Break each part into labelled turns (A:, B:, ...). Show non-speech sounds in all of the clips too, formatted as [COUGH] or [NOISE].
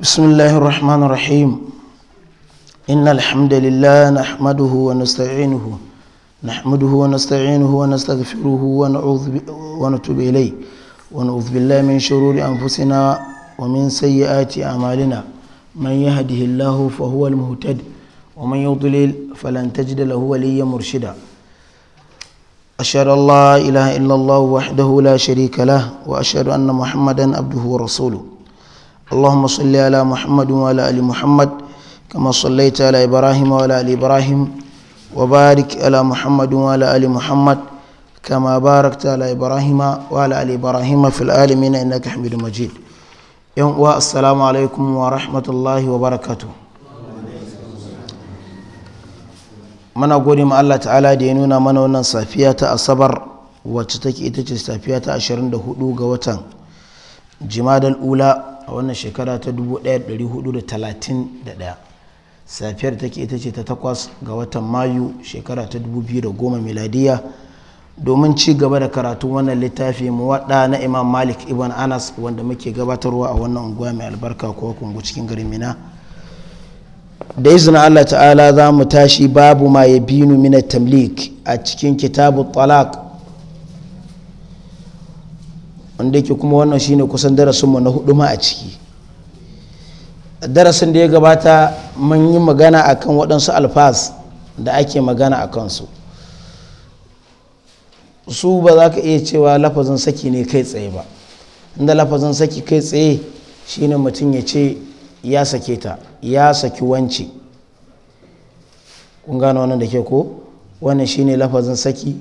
A: بسم الله الرحمن الرحيم إن الحمد لله نحمده ونستعينه نحمده ونستعينه ونستغفره ونعوذ ونتوب إليه ونعوذ بالله من شرور أنفسنا ومن سيئات أعمالنا من يهده الله فهو المهتد ومن يضلل فلن تجد له وليا مرشدا أشهد أن لا إله إلا الله وحده لا شريك له وأشهد أن محمدا عبده ورسوله اللهم صل على محمد وعلى ال محمد كما صليت على ابراهيم وعلى ال ابراهيم وبارك على محمد وعلى ال محمد كما باركت على ابراهيم وعلى ال ابراهيم في العالمين انك حميد مجيد يوم السلام عليكم ورحمه الله وبركاته muna gode ma Allah ta'ala da ya nuna mana wannan safiya ta asabar wacce take ita ce safiya ta 24 ga watan jimadal ula a wannan shekara ta 1431 safiyar take ita ce ta takwas ga watan mayu shekara ta 2010 miladiya domin ci gaba da karatun wannan littafi muwaɗa na imam malik ibn anas wanda muke gabatarwa a wannan unguwa mai albarka ko kungu cikin garin mina da izinin allah ta'ala za mu tashi babu ma ya binu mina tamlik a cikin kitabu talak wanda yake kuma wannan shine kusan darasinmu na hudu ma a ciki darasin da ya gabata mun yi magana akan waɗansu alfas da ake magana a kansu su ba za ka iya cewa lafazin saki ne kai tsaye ba inda lafazin saki kai tsaye shine mutum ya ce ya sake ta ya saki wance kun gano wannan da ke ko wannan shine lafazin saki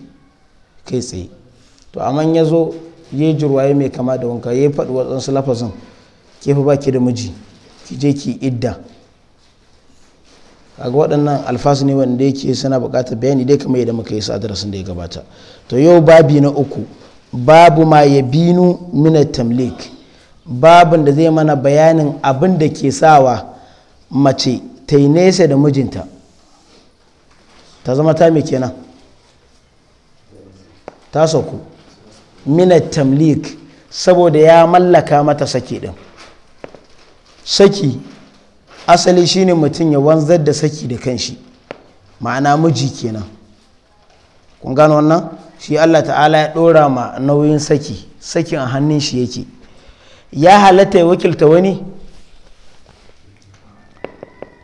A: kai tsaye to amma ya zo ya jirwaye mai kama da wanka ya faɗi waɗansu lafazin kefa ba baki da miji ki je ki idda kaga waɗannan alfasu ne wanda yake suna buƙatar bayani dai kamar yadda muka yi su adresin da ya gabata to yau babi na uku babu ma ya binu mina tamlik babin da zai mana bayanin abin da ke sawa mace ta yi nesa da mijinta ta zama ta mai kenan ta sauku minat tamlik saboda ya mallaka mata saki din saki asali shine mutum ya wanzar da saki da kanshi ma'ana miji kenan kun gano wannan shi Allah ta'ala ya ɗora ma nauyin saki sakin a hannun shi yake ya halatta ya wakilta wani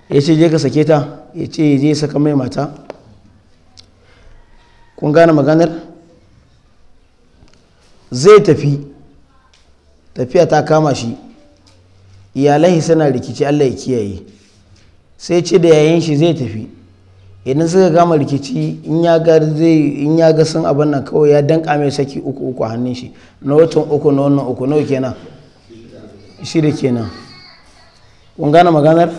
A: ya ce je ka sake ta ya ce je saka mai mata kun gane maganar zai tafi tafiya ta kama shi iyalai suna rikici allah ya kiyaye sai ce da yayin shi zai tafi idan suka kama rikici in ya ga in ya ga sun abin nan kawai ya danka mai saki uku uku hannun shi na watan uku na wannan uku nawa kenan shida kenan kun gane maganar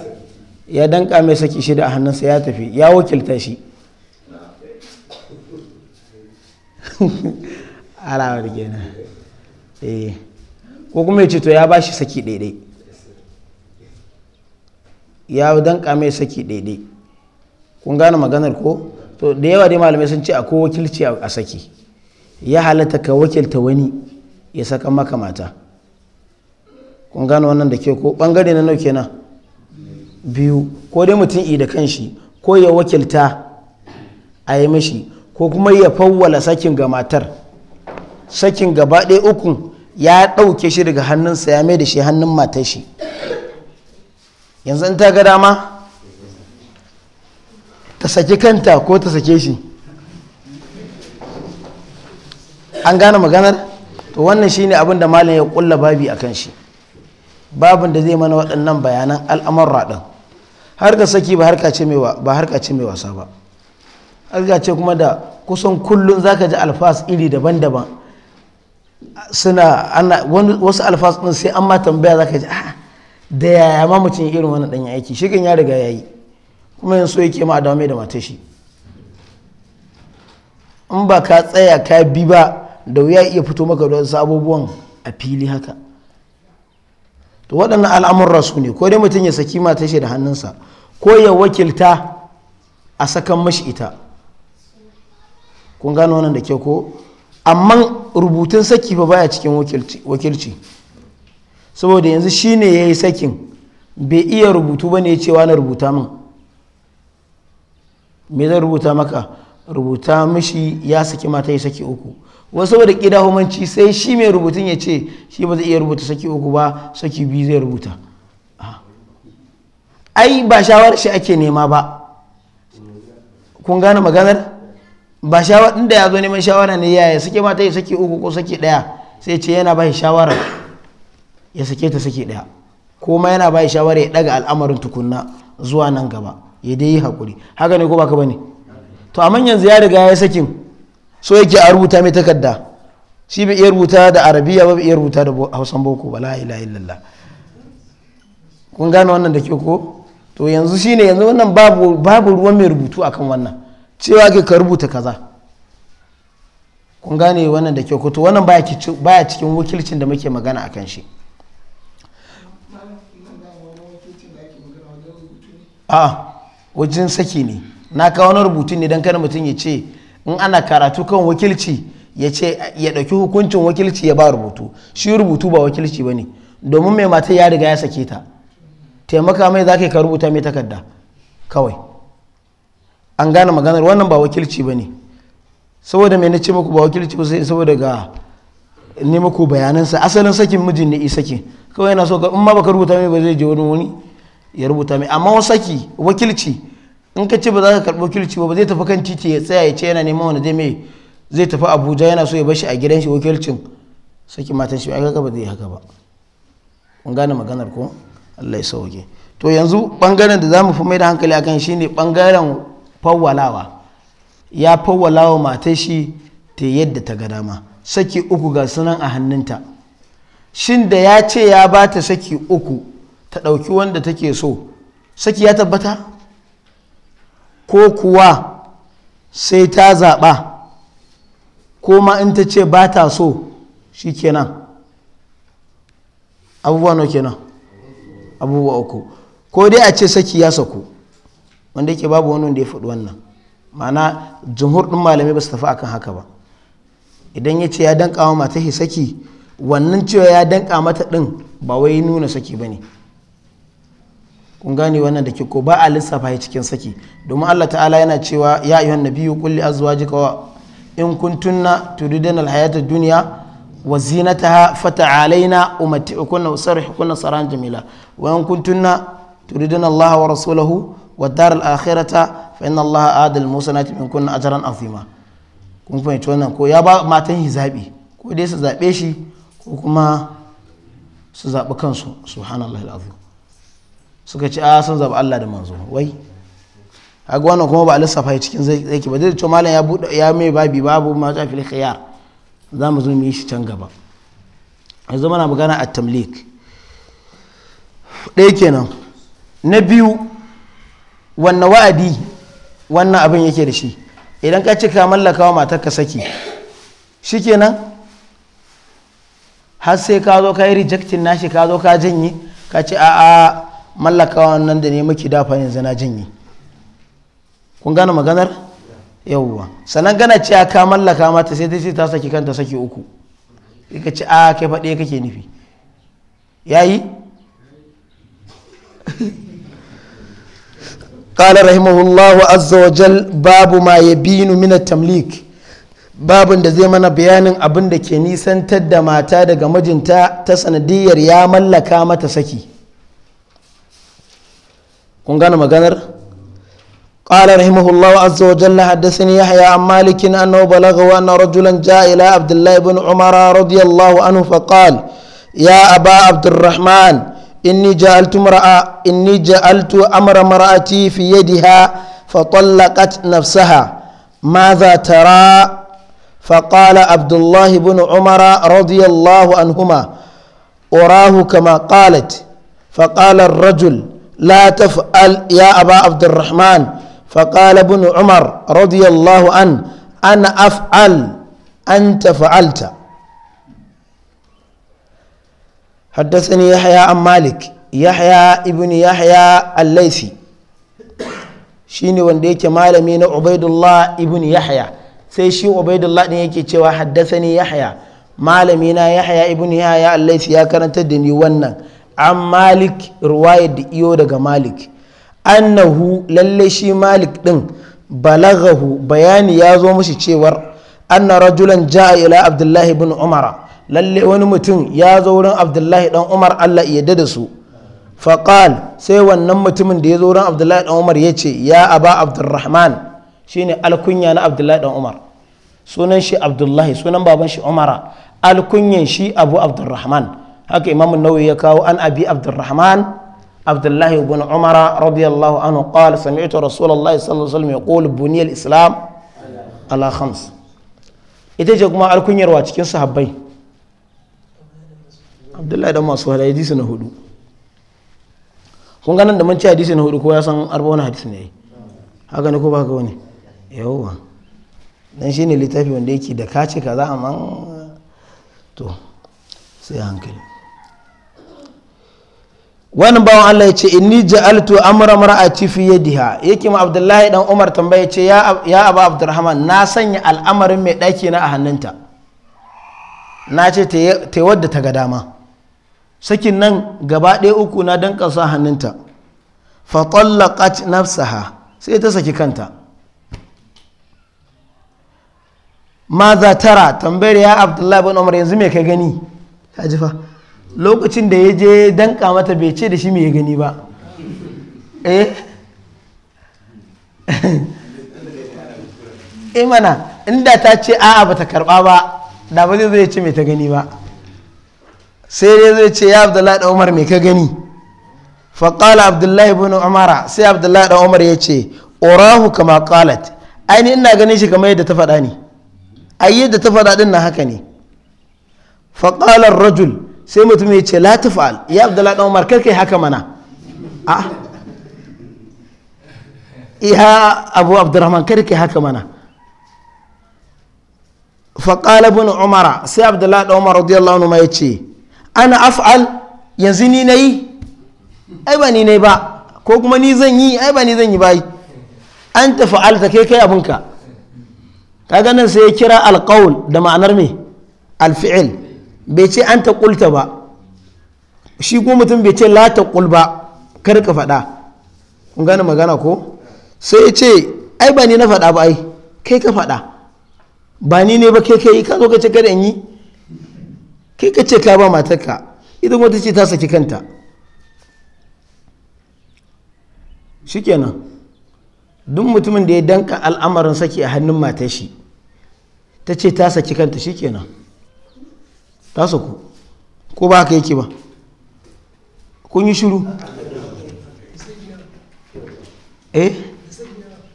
A: ya danka mai saki shida a hannunsa ya tafi ya wakilta shi [LAUGHS] alawar kenan eh ko kuma ya ce to ya ba shi saki daidai ya danka mai saki daidai kun gane maganar ko to da yawa dai malamai sun ce akwai wakilci a saki ya halatta ka wakilta wani ya saka maka mata kun gane wannan da ke ko bangare na nauke na biyu ko dai mutum i da kanshi ko ya wakilta a yi mishi ko kuma ya fawwala sakin ga matar sakin gaba ɗaya uku ya ɗauke shi daga hannunsa ya mai da shi hannun matar shi yanzu in ta ga dama ta saki kanta ko ta sake shi an gane maganar to wannan shine abin da malam ya kulla babi a kan shi babin da zai mana waɗannan bayanan al'amurra ɗin harkar saki ba harka ce mai wasa ba harka ce kuma da kusan kullum zaka ji alfas iri daban-daban suna ana wani wasu alfas din sai an ma tambaya zaka ji ah da yaya ma mutum irin wannan dan aiki shi kan ya riga yayi kuma yanzu yake ma dawo da matar shi in ba ka tsaya ka bi ba da wuya iya fito maka da wasu abubuwan a fili haka to waɗannan al'amurra su ne ko dai mutum ya saki matar shi da hannunsa ko ya wakilta a sakan mashi ita kun gano wannan da kyau ko amma rubutun saki ba baya cikin wakilci saboda yanzu shine ya yi sakin bai iya rubutu ba ne cewa na rubuta min me zai rubuta maka rubuta mishi ya saki mata ya saki uku wasu saboda ƙida humanci sai shi mai rubutun ya ce shi ba zai iya rubuta saki uku ba saki biyu zai rubuta ai ba shawarar shi ake nema ba kun gane maganar ba shawara inda ya zo neman shawara ne yaya sake mata ya sake uku ko sake daya sai ce yana ba shi shawara ya sake ta sake daya ko ma yana ba shi shawara ya daga al'amarin tukunna zuwa nan gaba ya dai yi hakuri haka ne ko baka bane to a manyan ya riga ya sakin so yake a rubuta mai takarda shi bai iya rubuta da arabiya ba bai iya rubuta da hausan boko ba la ilaha illallah kun gane wannan da ke ko to yanzu shine yanzu wannan babu babu ruwan mai rubutu akan wannan cewa ke ka rubuta kaza kun gane wannan da ke kuto wannan baya cikin wakilcin da muke magana a kan shi a wajen saki ne na kawo na rubutu ne don kada mutum ya ce in ana karatu kan wakilci ya ce ya ɗauki hukuncin wakilci ya ba rubutu shi rubutu ba wakilci ba ne domin mai mata ya riga ya sake ta taimaka mai za ka rubuta mai takarda kawai an gane maganar wannan ba wakilci ba ne saboda mai na ce muku ba wakilci ba sai saboda ga ne muku bayanansa asalin sakin mijin ne ke kawai yana so in ma baka rubuta mai ba zai je wani wani ya rubuta mai amma wasu saki wakilci in ka ce ba za ka karɓi wakilci ba zai tafi kan titi ya tsaya ya ce yana neman wani zai mai zai tafi abuja yana so ya bar shi a gidan shi wakilcin sakin matan shi ba ba zai haka ba kun gane maganar ko Allah ya sauke to yanzu bangaren da za mu fi mai da hankali akan shine bangaren fawwalawa ya fawwalawa matar shi ta yadda ta ga dama saki uku ga sunan a hannunta shin da ya ce ya ba ta saki uku ta ɗauki wanda take so saki ya tabbata ko kuwa sai ta zaɓa ko ma in ta ce ba ta so shi kenan abubuwa no kenan abubuwa uku ko dai a ce saki ya saku wanda yake babu wani wanda ya faɗi wannan ma'ana jumhur ɗin malamai ba su tafi akan haka ba idan ya ce ya danka wa mata saki wannan cewa ya danka mata ɗin ba wai nuna saki ba ne kun gane wannan da ke ko ba a lissafa ya cikin saki domin allah ta'ala yana cewa ya ayyuhan nabiyyu kulli azwajika wa in kuntunna turidan alhayata duniya wa zinataha fata'alaina umatti'ukunna wa sarrihukunna sarahan jamila wa in kuntunna turidina Allah wa rasulahu والدار الآخرة فإن الله آد na من كن أجرا عظيما kun fahimci wannan ko ya ba matan shi zaɓi ko dai su zaɓe shi ko kuma su zaɓi kansu subhanallah suka ce a sun zaɓi Allah da manzo wai haka wannan kuma ba a lissafa cikin zai ba zai ce malam ya buɗe ya mai babi babu ma ta fil khiyar za mu zo mu yi shi can gaba yanzu magana a tamlik ɗaya kenan na biyu wannan wa'adi wannan abin yake da shi idan ka ce ka mallaka wa matarka saki shikenan har sai ka zo ka yi rejectin nashi ka zo ka janye ka ce a'a mallaka wannan da ne maki dafa yanzu na janye kun gane maganar yawwa sannan gana cewa ka mallaka mata sai ta ce ta saki kanta saki uku ka ce a kai faɗe kake nufi yayi قال رحمه azzawajal babu وجل باب ما يبين من التمليك babun da zai mana bayanin abin da ke nisan da mata daga mijinta ta sanadiyar ya mallaka mata saki kun gane azzawajal ƙwalar himahullawa a zojen na haddasa an malikin an na rajulan ja'ila abdullahi bin umara radiyallahu anufa ƙwal ya aba abdullrahman inni ja'altu mar'a inni ja'altu amra mar'ati fi yadiha فطلقت نفسها ماذا ترى فقال عبد الله بن عمر رضي الله عنهما أراه كما قالت فقال الرجل لا تفعل يا أبا عبد الرحمن فقال ابن عمر رضي الله عنه أنا أفعل أنت فعلت حدثني يحيى عن مالك يحيى ابن يحيى الليثي shine wanda yake malami na Ubaidullah ibn Yahya sai shi Ubaidullah din yake cewa haddathani Yahya malami na Yahya ibn Yahya allaisi ya karantar da ni wannan an Malik ruwaya da iyo daga Malik annahu lalle shi Malik din balagahu bayani ya zo mishi cewar anna rajulan ja'a ila Abdullah ibn Umara lalle wani mutum ya zo wurin abdullahi dan umar allah ya da su faƙal sai wannan mutumin da ya zo wurin abdullahi dan umar ya ce ya aba abdurrahman shine alkunya na abdullahi dan umar sunan shi abdullahi sunan baban shi umara alkunyan shi abu abdurrahman haka imamu nawawi ya kawo an abi abdurrahman abdullahi ibn umara radiyallahu anhu qala sami'tu rasulullahi sallallahu alaihi wasallam yaqulu buniyal islam ala khams ita ce kuma alkunyar alkunyarwa cikin sahabbai abdullahi dan masu hada hadisi na hudu kun ganin da mun ci hadisi na hudu ko ya san arba wani hadisi ne haka ne ko ba ka wani yawwa dan shi ne littafi wanda yake da kace a man to sai hankali wani bawan Allah ya ce inni ja'altu amra mar'ati fi yadiha yake ma Abdullahi dan Umar tambaye ce ya ya Abu Abdurrahman na sanya al'amarin mai daki na a hannunta na ce ta wadda ta ga dama sakin nan gaba ɗaya uku na don ƙasa hannunta fatallaqat nafsaha sai ta saki kanta ma za tara tambayar ya abdullahi bin umar yanzu me ka gani ta jifa lokacin da ya je danka mata bai ce da shi me ya gani ba eh imana [LAUGHS] eh inda ta ce a'a bata karɓa ba da ba zai ce me ta gani ba sai dai zai ce ya abdullahi da umar me ka gani faƙala abdullahi ibn umara sai abdullahi da umar ya ce orahu kama qalat ainihin ina ganin shi kamar yadda ta faɗa ne ai yadda ta faɗa din na haka ne faƙalar rajul sai mutum ya ce la tafa'al ya abdullahi da umar karkai haka mana a iha abu abdurrahman karkai haka mana faƙala ibn umara sai abdullahi da umar radiyallahu anhu ma ya ce ana af'al yanzu ni na yi ai ba ni na yi ba ko kuma ni zan yi ai ba ni zan yi ba an ta fa'alta kai kai abinka ka ganin sai ya kira alƙawul da ma'anar me alfi'il bai ce an ta ƙulta ba shi ko mutum bai ce la ta ƙul ba kar ka faɗa kun gane magana ko sai ya ce ai ba ni na faɗa ba ai kai ka faɗa ba ni ne ba kai kai ka zo ka ce kada in yi kai ka ce ka ba matarka idan wata ce ta saki kanta shikenan duk mutumin da ya danka al'amarin saki a hannun matar shi ta ce ta saki kanta shikenan ta saku ko ba ka yake ba kun yi shiru eh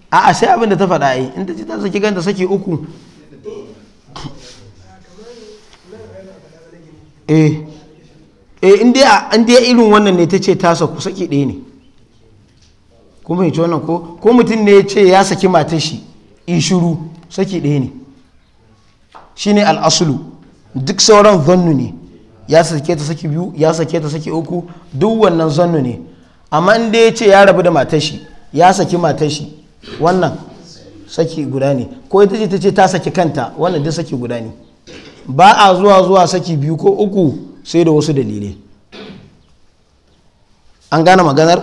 A: a sai abin da ta faɗa yi in ta ce ta saki kanta saki uku eh eh inda ya irin wannan ne ta ce tasa ku saki ɗaya ne kuma yi wannan ko ko mutum ne ya ce ya saki matar shi ishuru saki ɗaya ne shine al'asulu duk sauran zannu ne ya sake ta saki biyu ya sake ta saki uku duk wannan zannu ne amma inda ya ce ya rabu da matar shi ya saki matar shi wannan saki guda ne ko ita ce ta ce ta saki kanta wannan duk saki guda ne ba a zuwa zuwa saki biyu ko uku sai da wasu dalilai an gane maganar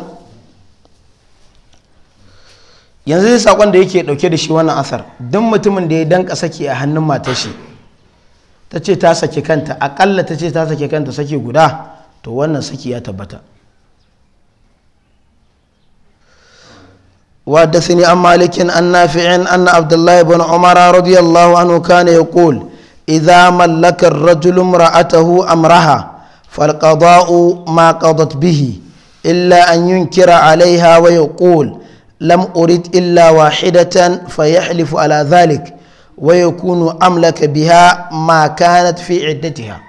A: yanzu zai sakon da yake dauke da shi wannan asar don mutumin da ya danka saki a hannun matar shi ta ce ta sake kanta akalla ta ce ta sake kanta sake guda to wannan saki ya tabbata وحدثني عن مالك عن نافع أن عبد الله بن عمر رضي الله عنه كان يقول إذا ملك الرجل امرأته أمرها فالقضاء ما قضت به إلا أن ينكر عليها ويقول لم أرد إلا واحدة فيحلف على ذلك ويكون أملك بها ما كانت في عدتها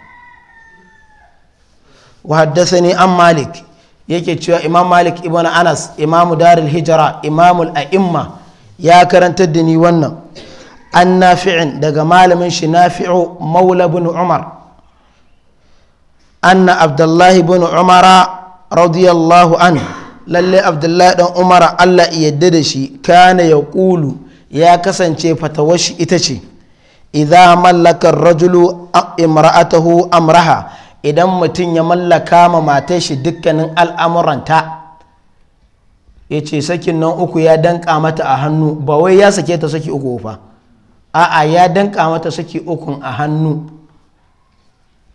A: وحدثني أم مالك yake cewa imam malik ibn anas imamu darul hijira imamul a'imma ya karantar da ni wannan an nafi'in daga malamin shi nafi'u maula bin umar anna abdullahi bin umara radiyallahu an lalle abdullahi dan umara allah yadda da shi kana ya kulu ya kasance fatawashi ita ce idza mallakar rajulu imra'atahu amraha idan mutum ya mallaka ma matar shi dukkanin al'amuranta ya ce sakin nan uku ya danka mata a hannu ba wai ya sake ta saki uku ba. a'a ya danka mata saki ukun a hannu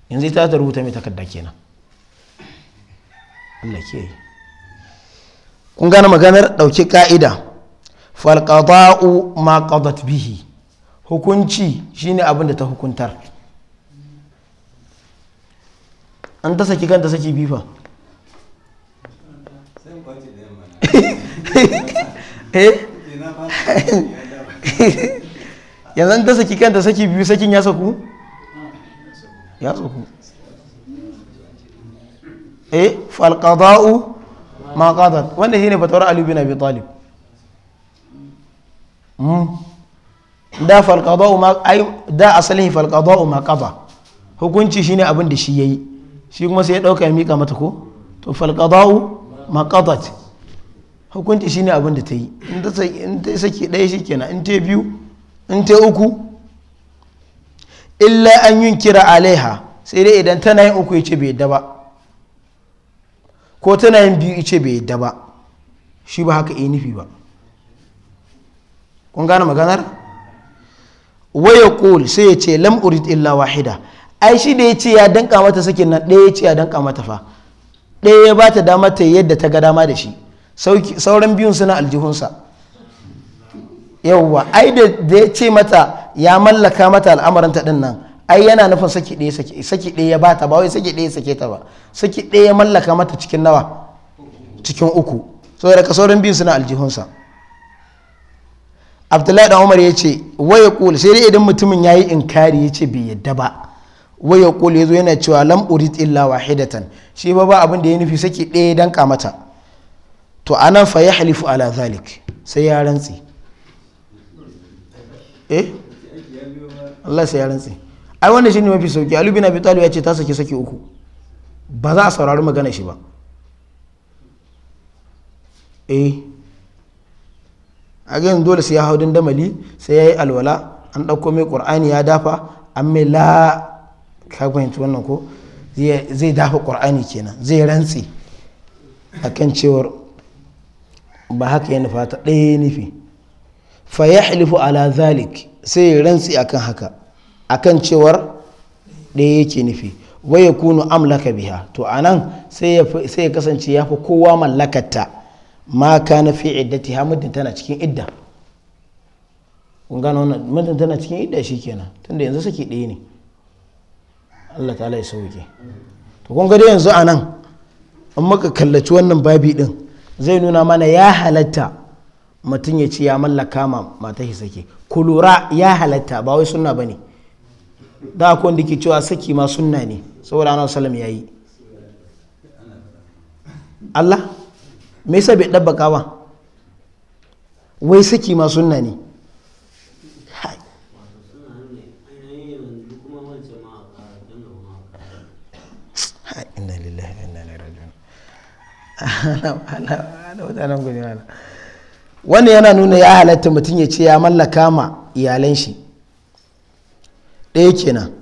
A: yanzu ita ta rubuta mai takarda kenan Allah ke yi kun gane maganar ɗauki ka'ida falqada'u ma qadat bihi hukunci shine abin da ta hukuntar an ta saki kanta saki bifa [LAUGHS] eh [LAUGHS] yanzu ta saki kanta saki biyu sakin ya saku ya saku eh falqada'u ma qadat wanda shine fatawar alubi na bitalib hmm. da falqada'u ma ai da asalin falqada'u ma qada hukunci shine abin da shi yayi shi kuma sai ya dauka ya mika mata ko to falqada'u ma qadat hukunci shine abin da ta yi in ta saki ɗaya shi kenan in ta biyu in ta uku illa an yi kira alaiha sai dai idan tana yin uku ce bai yadda ba ko tana yin biyu ce bai yadda ba shi ba haka nufi ba kun gane maganar waya kul sai ya ce lam urid illa wahida ai shi da ya ce ya danka mata sakin nan ɗaya ya ce ya danka mata fa ɗaya ya ba ta dama ta yadda ta ga dama da shi sauran biyun suna aljihunsa yawwa ai da ya ce mata ya mallaka mata al'amuranta din nan ai yana nufin saki ɗaya saki saki ɗaya ya ta ba wai saki ɗaya sake ta ba saki ɗaya ya mallaka mata cikin nawa cikin uku saboda ka sauran biyu suna aljihunsa abdullahi dan umar ya ce waya kul sai dai idan mutumin ya yi inkari ya ce bai yadda ba waya kul ya zo yana cewa lam urid illa wahidatan shi ba ba abin da ya nufi saki ɗaya ya danka mata to anan fa ya halifu ala zalik sai ya rantsi eh Allah sai ya rantsi ai wannan shine mafi sauki Ali bin Abi Talib ya ce ta saki saki uku ba za a saurari magana shi ba eh a dole sai ya hau dandamali sai ya yi alwala an ɗauko mai ƙur'ani ya dafa an mai la ka fahimci wannan ko zai dafa ƙur'ani kenan zai rantsi akan cewar ba haka ya nufa ta ɗaya nufi fa yahlifu ala zalik sai ya rantsi akan haka akan cewar ɗaya yake nufi wai ya kunu amlaka biha to anan sai ya kasance ya fi kowa mallakarta ma kana fi iddati ha muddin tana cikin idda kun gano wannan muddin tana cikin idda shikenan tunda yanzu saki ɗaya ne Allah ta'ala ya sauke to kun ga dai yanzu anan in muka kallaci wannan babi din zai nuna mana ya halatta mutum ya ce ya mallaka ma mata shi sake ku ya halatta ba wai sunna bane da akwai wanda ke cewa saki ma sunna ne saboda annabi sallam ya Allah me yasa bai dabbaka ba wai saki ma sunna ne inna lillahi inna ilaihi raji'un [LAUGHS] ana ana ana wannan yana nuna ya halatta mutum ya ce ya mallaka ma iyalan shi ɗaya kenan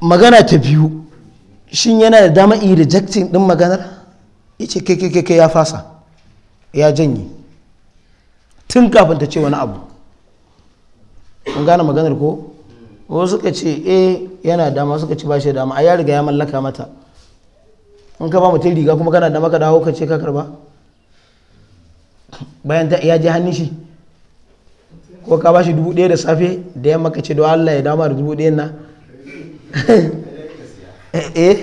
A: magana ta biyu shin yana da dama iya rejecting ɗin maganar ya ce kai ya fasa ya janye tun kafin ta ce wani abu kun gane maganar ko wasu suka ce eh yana dama suka ce ba shi dama a ya riga ya mallaka mata in ka ba mutum riga kuma kana da maka dawo ka ce ka karba bayan ya ji hannun shi ko ka ba shi dubu ɗaya da safe da yamma ka ce don Allah ya dama da dubu ɗaya na [LAUGHS] eh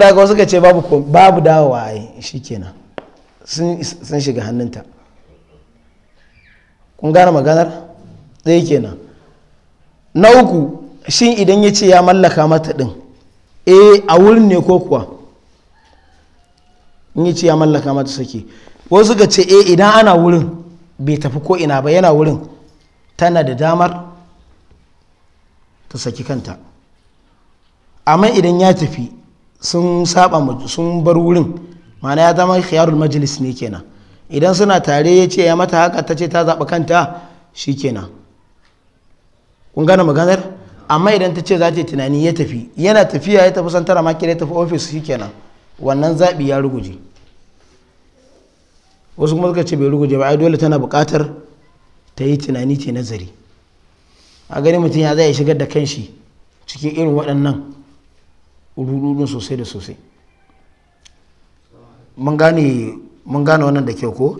A: da ga suka ce babu babu dawowa ai shikenan sun sun shiga hannunta kun gane maganar dai kenan na uku shin idan ya ce ya mallaka mata ɗin eh a wurin ne ko kuwa in ya ce ya mallaka mata sake wasu ga ce eh idan ana wurin bai tafi ko ina ba yana wurin tana da damar ta saki kanta amma idan ya tafi sun saba sun bar wurin mana ya zama khiyarul majalis ne kenan idan suna tare ya ce ya mata haka ta ce ta zaɓi kanta shi kenan kun gane maganar amma idan ta ce za ta yi tunani ya tafi yana tafiya ya tafi santara makil ya tafi ofis shi kenan wannan zaɓi ya ruguji. wasu kuma suka ce bai rugu jama'a dole tana buƙatar ta yi tunani ce nazari a gani mutum ya zai shigar da kanshi cikin irin waɗannan rududun sosai da sosai mun gane wannan da kyau ko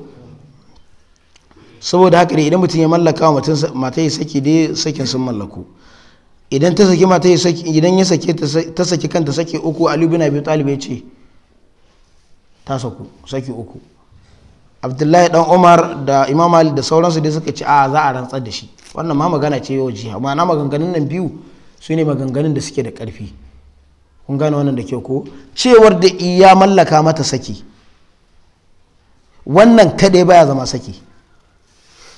A: saboda haka ne idan mutum ya mallaka wa mata ya saki dai sakin sun mallaku idan ta saki mata ya saki idan ya sake ta saki kanta saki uku ali biyu talibai ce ta saku saki uku abdullahi dan umar da imam Ali da sauransu dai suka ce a za a rantsar da shi wannan ma magana ce yau jiha ma'ana maganganun nan biyu su ne maganganun da suke da karfi kun gane wannan da kyau ko cewar da iya mallaka mata saki wannan kaɗai baya zama saki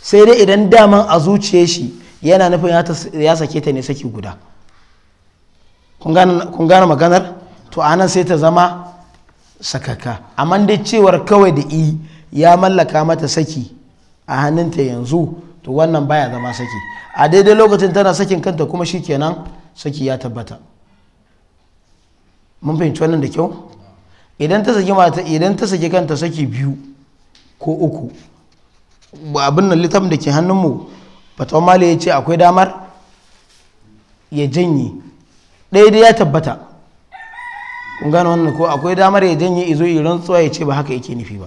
A: sai dai idan daman a zuciye shi yana nufin ya sake ta ne saki guda kun gane maganar to anan sai ta zama sakaka amma dai cewar kawai da i ya mallaka mata saki a hannunta yanzu to wannan baya zama saki a daidai lokacin tana sakin kanta kuma shi kenan saki ya tabbata mun fahimci wannan da kyau idan ta saki mata idan ta saki kanta saki biyu ko uku abin nan littafin da ke hannunmu fatawan mali ya ce akwai damar ya janye Daidai ya tabbata kun gane wannan ko akwai damar ya janye izo irin tsuwa ya ce ba haka yake nufi ba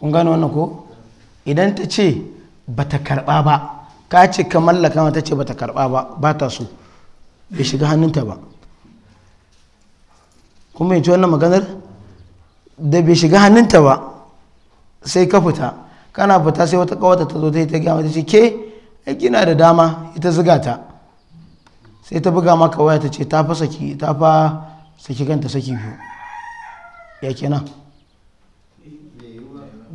A: kun gano wannan ko idan ta ce ba ta karɓa ba ka ce ka mallaka ta ce ba ta karɓa ba ba ta so bai shiga hannunta ba kuma yanci wannan maganar da bai shiga hannunta ba sai ka fita kana fita sai wata kawata ta zo ta yi ta gama ta ce ke gina da dama ita ziga ta sai ta buga maka waya ta ce ta fa saki ta fa saki kanta saki biyu ya kenan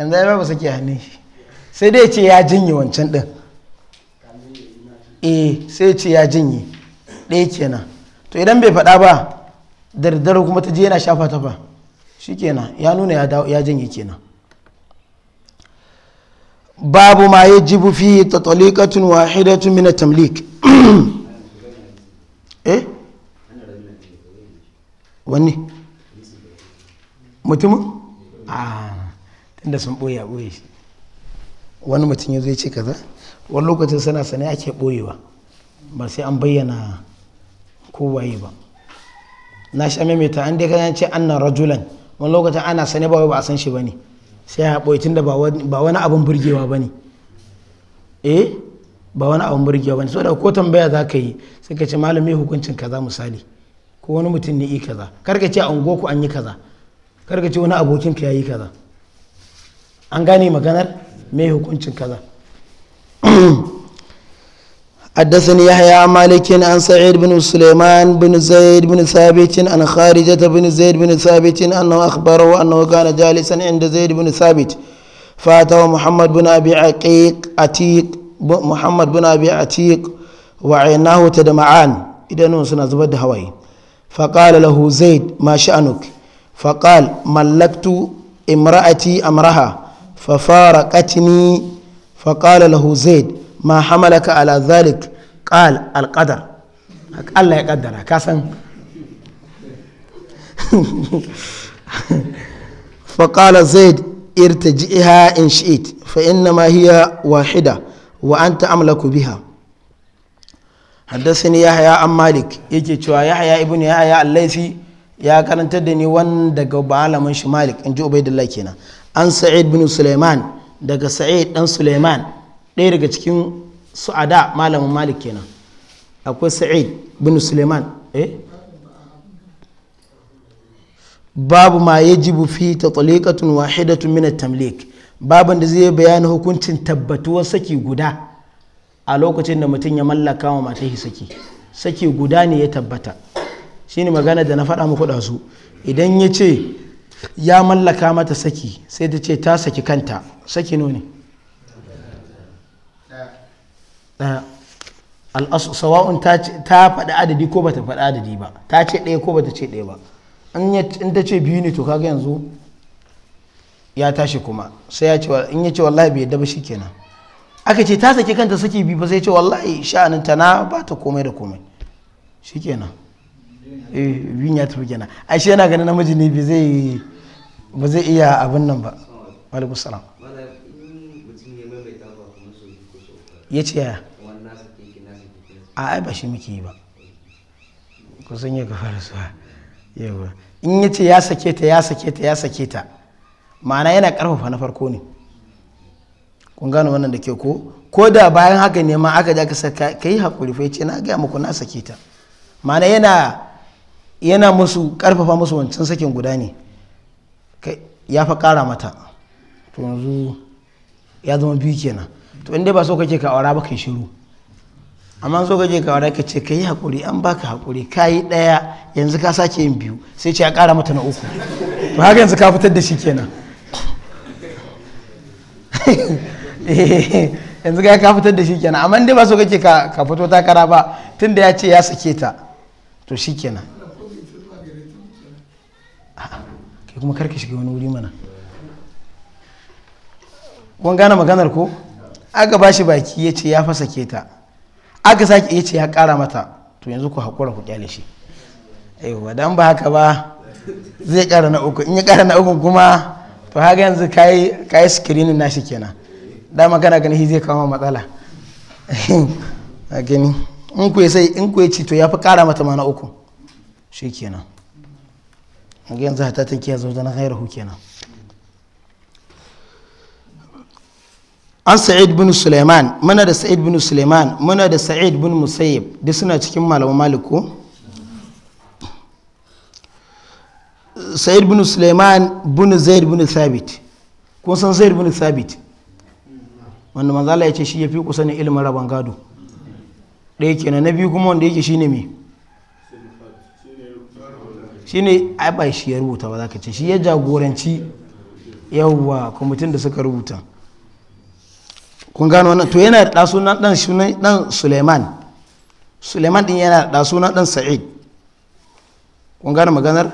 A: yanzu ya ba sake hannun shi sai dai ce ya jinye wancan din eh sai ce ya jinye ɗaya kenan to idan bai faɗa ba daddare kuma ta je yana shafa ta fa shi kenan ya nuna ya ke kenan babu ma ya jibu fi ta talikatun wahidatun mina tamlik [CLEARS THROAT] eh wani mutumin? Ah. tunda sun ɓoye a ɓoye shi wani mutum ya zo ya ce kaza wani lokacin sana sane ake ɓoyewa ba sai an bayyana waye ba na sha maimaita an dai kan an na rajulan wani lokacin ana sane ba ba a san shi ba ne sai a ɓoye tunda ba wani abin burgewa ba ne eh ba wani abin burgewa ba ne saboda ko tambaya za ka yi sai ka ce malami hukuncin kaza misali ko wani mutum ne yi kaza karka ce a ungoku an yi kaza karka ce wani abokinka ya yi kaza an gane maganar mai hukuncin kaza حدثني يحيى مالك عن سعيد بن سليمان بن زيد بن ثابت عن خارجة بن زيد بن ثابت أنه أخبره أنه كان جالسا عند زيد بن ثابت فأتاه محمد بن أبي عقيق عتيق محمد بن أبي عتيق وعيناه تدمعان إذا نوسنا زبد هواي فقال له زيد ما شأنك فقال ملكت امرأتي أمرها ففارقتني فقال له زيد ما حملك على ذلك قال القدر الله يقدر كاسن فقال زيد ارتجئها إن شئت فإنما هي واحدة وأنت أملك بها حدثني يحيى عن مالك يجي تشوى يحيى ابن يحيى الليثي يا كان تدني وان دغ مالك ان جو عبيد الله كينا an sa'id bin suleiman daga sa'id dan suleiman ɗaya daga cikin su'ada malamin malik kenan akwai sa'id bin suleiman eh babu ma bufi ta tsalikatun wahidatun min tamlik babu da zai bayani hukuncin tabbatuwar saki guda a lokacin da mutum ya mallaka wa mata saki saki guda ne ya tabbata shine magana da na faɗa muku dasu idan ya ce ya mallaka mata saki sai ta ce ta saki kanta saki nuni sawa'un ta faɗi adadi ko bata faɗi adadi ba ta ce ɗaya ko bata ce ɗaya ba in ta ce biyu ne to kaga yanzu ya tashi kuma sai ya ce in ya ce wallahi bai yadda ba shikenan aka ce ta saki kanta saki biyu ba sai ce wallahi sha'anin ta na ba ta komai da komai shikenan eh biyun ya tafi kenan ashe yana ganin namiji ne bi zai ba zai iya abin nan ba walibu salam ya ce ya a ai ba shi muke yi ba kusan ya kafa da suwa yawa in ya ce ya sake ta ya sake ta ya sake ta ma'ana yana karfafa na farko ne kun gane wannan da ke ko ko da bayan haka ne ma aka ja ka saka ka yi haƙuri fa ce na gaya muku na sake ta ma'ana yana yana musu karfafa musu wancan sakin guda ne ya fa kara mata to yanzu ya zama biyu kenan to inda ba so kake ka aura ba kai shiru amma so kake ka aura ka ce ka yi hakuri an baka hakuri ka yi ɗaya yanzu ka sake yin biyu sai ce ya kara mata na uku to haka yanzu ka fitar da shi kenan
B: [LAUGHS] eh,
A: yanzu ka fitar da shi kenan amma inda ba so kake ka fito takara ba tunda ya ce ya sake ta to shi kenan kuma karki shiga wani wuri mana kun gane maganar ko aka ba shi baki ya ce ya fasa ke ta aka sake ya ce ya kara mata to yanzu ku haƙura ku kyale shi aiwa dan ba haka ba zai kara na uku in ya kara na uku kuma to haka yanzu yi kayi screening shi kenan dama kana gani shi zai kawo matsala [LAUGHS] a gani in ku sai in ku ya ce to ya fi kara mata ma na uku shikenan yanzu hata ta kiyaye zauta na ghairahu kenan an sa'id bin suleiman muna da sa'id bin suleiman muna da sa'id bin musayyib duk suna cikin malamu maliku sa'id bin suleiman bin zaid bin sabit kun san zaid bin sabit wanda manzala ya ce shi ya fi kusa ne ilimin rabon gado ɗaya kenan na biyu kuma wanda yake ne mai shine ne ba shi ya rubuta ba za ka ce shi ya jagoranci yawwa kwamitin da suka rubuta kun gano wannan to yana da sunan dan sunan dan Suleiman Suleiman din yana da sunan dan Sa'id kun gano maganar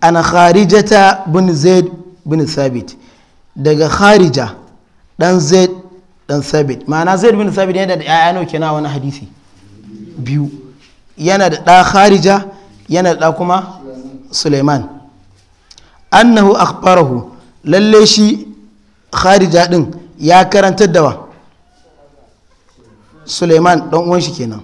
A: ana kharijata bin Zaid bin sabit daga kharija dan Zaid dan sabit ma'ana Zaid bin sabit yana da ayyano kenan wani hadisi biyu yana da da kharija yana da kuma suleiman annahu akhbarahu lalle shi kharija din ya karantar da wa suleiman dan uwan shi kenan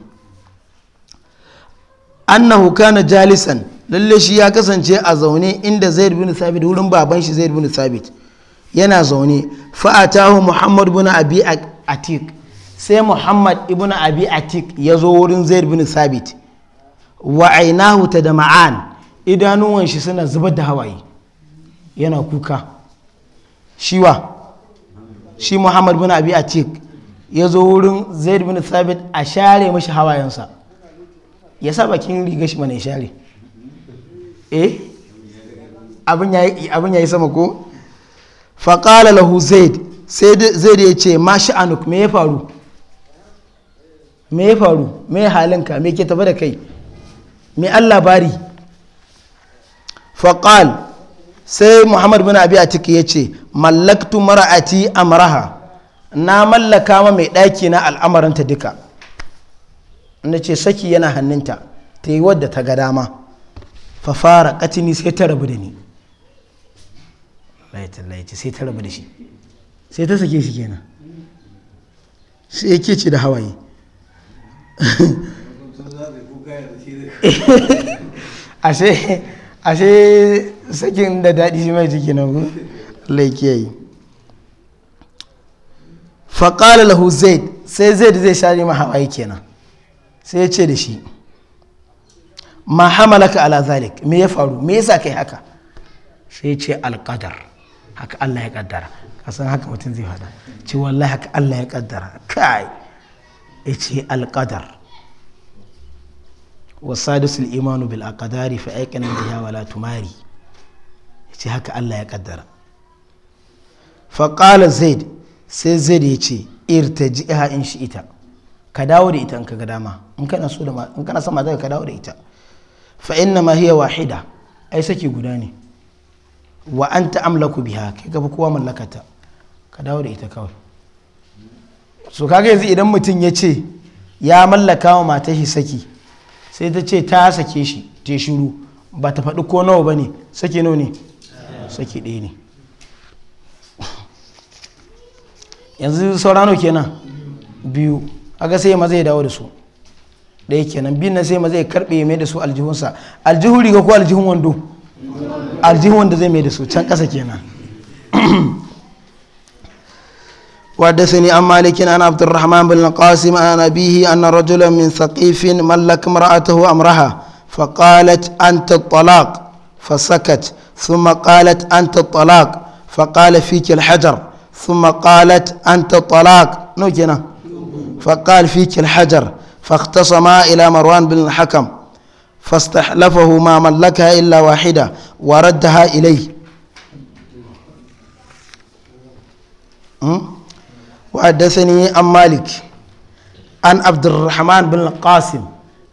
A: annahu kana jalisan lalle shi ya kasance a zaune inda zaid bin sabit wurin baban shi zaid bin sabit yana zaune fa'atahu muhammad bin abi atik sai muhammad ibn abi atik ya zo wurin zaid bin sabit wa ainahu tadma'an idanuwan shi suna zubar da hawaye yana kuka shiwa shi muhammad bin abi a ya zo wurin zaid bin thabit a share mashi hawayensa ya sa bakin riga shi mana ya share eh abin ya yi sama ko faƙala lahu zaid sai zaid ya ce ma anuk me ya faru me ya faru me halinka me ke tafi da kai me allah bari faƙal sai muhammad bin abi atiki ya ce mallaktu mara'ati amraha na mallaka ma mai ɗaki na al'amarinta duka na ce saki yana hannunta ta yi wadda ta ga dama fa fara katini sai ta rabu da ni laitin sai ta rabu da shi sai ta sake shi kenan sai yake ce da hawaye ashe ashe sakin da daɗi shi mai jiki na ku laikiyayi faƙala lahu zaid sai zaid zai share ma hawaye kenan sai ya ce da shi ma hamalaka ala zalik me ya faru me yasa kai haka sai ce alƙadar haka Allah ya ƙaddara kasan haka mutum zai faɗa ce wallahi haka Allah ya ƙaddara kai ya ce alƙadar والسادس الإيمان بالأقدار فأيقن بها wala tumari yace haka Allah ya kaddara faƙala zaid sai zaid ya ce irtaji'ha in shi ita ka dawo da ita in ka ga dama in kana so da in kana son mata ka dawo da ita fa inna ma hiya wahida ai saki guda ne wa anta amlaku biha kai ga kowa mallakata ka dawo da ita kawai so kaga yanzu idan mutum ya ce ya mallaka wa matashi saki sai ta ce ta sake shi ta shiru ba ta faɗi ko nawa ba ne sake nawa ne sake ɗaya ne yanzu saurano kenan biyu aga sai maza ya dawo da su ɗaya kenan biyu nan sai maza ya karɓe mai da su aljihunsa aljihun riga ko aljihun wando aljihun wanda zai mai da su can ƙasa kenan [CLEARS THROAT] وحدثني عن مالك عن عبد الرحمن بن القاسم عن أبيه أن رجلا من ثقيف ملك امرأته أمرها فقالت أنت الطلاق فسكت ثم قالت أنت الطلاق فقال فيك الحجر ثم قالت أنت الطلاق نجنا فقال فيك الحجر فاختصما إلى مروان بن الحكم فاستحلفه ما ملكها إلا واحدة وردها إليه 嗯。Hmm? وحدثني عن مالك عن عبد الرحمن بن القاسم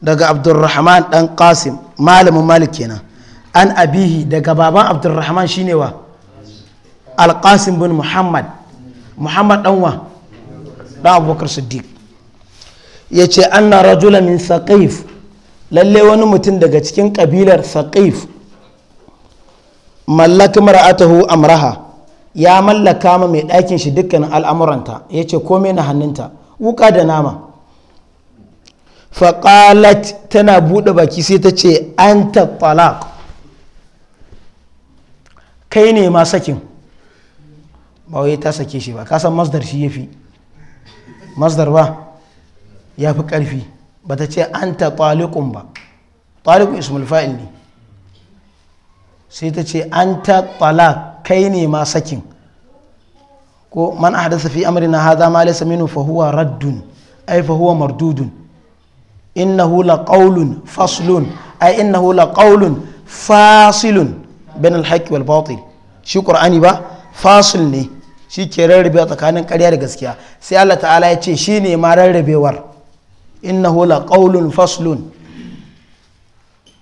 A: دقى عبد الرحمن بن قاسم مالم مالك هنا عن أبيه دقى بابا عبد الرحمن شينوا القاسم بن محمد محمد أنوا لا أبو بكر الصديق يتي أن رجلا من ثقيف lalle wani mutum daga cikin kabilar saqif mallaka mar'atahu amraha ya mallaka ma mai ɗakin shi dukkanin al'amuranta ya ce kome na hannunta wuka da nama faƙalat tana buɗe baki sai ta ce an talaq kai ne ma sakin ba wai ta sake shi ba kasan masdar shi ya fi masdar ba ya fi ƙarfi ba ta ce an ta talikun ba ƙwalikun ismul fa'il ne sai ta ce an ta kai ne ma sakin ko man ahdasa fi amrina hadha ma laysa minhu fa huwa raddun ay fa huwa mardudun innahu laqawlun faslun ay innahu laqawlun fasilun bain al-haqqi wal batil shi qur'ani ba fasil ne shi ke rarrabewa tsakanin karya da gaskiya sai Allah ta'ala ya ce shi ne ma rarrabewar innahu la qaulun faslun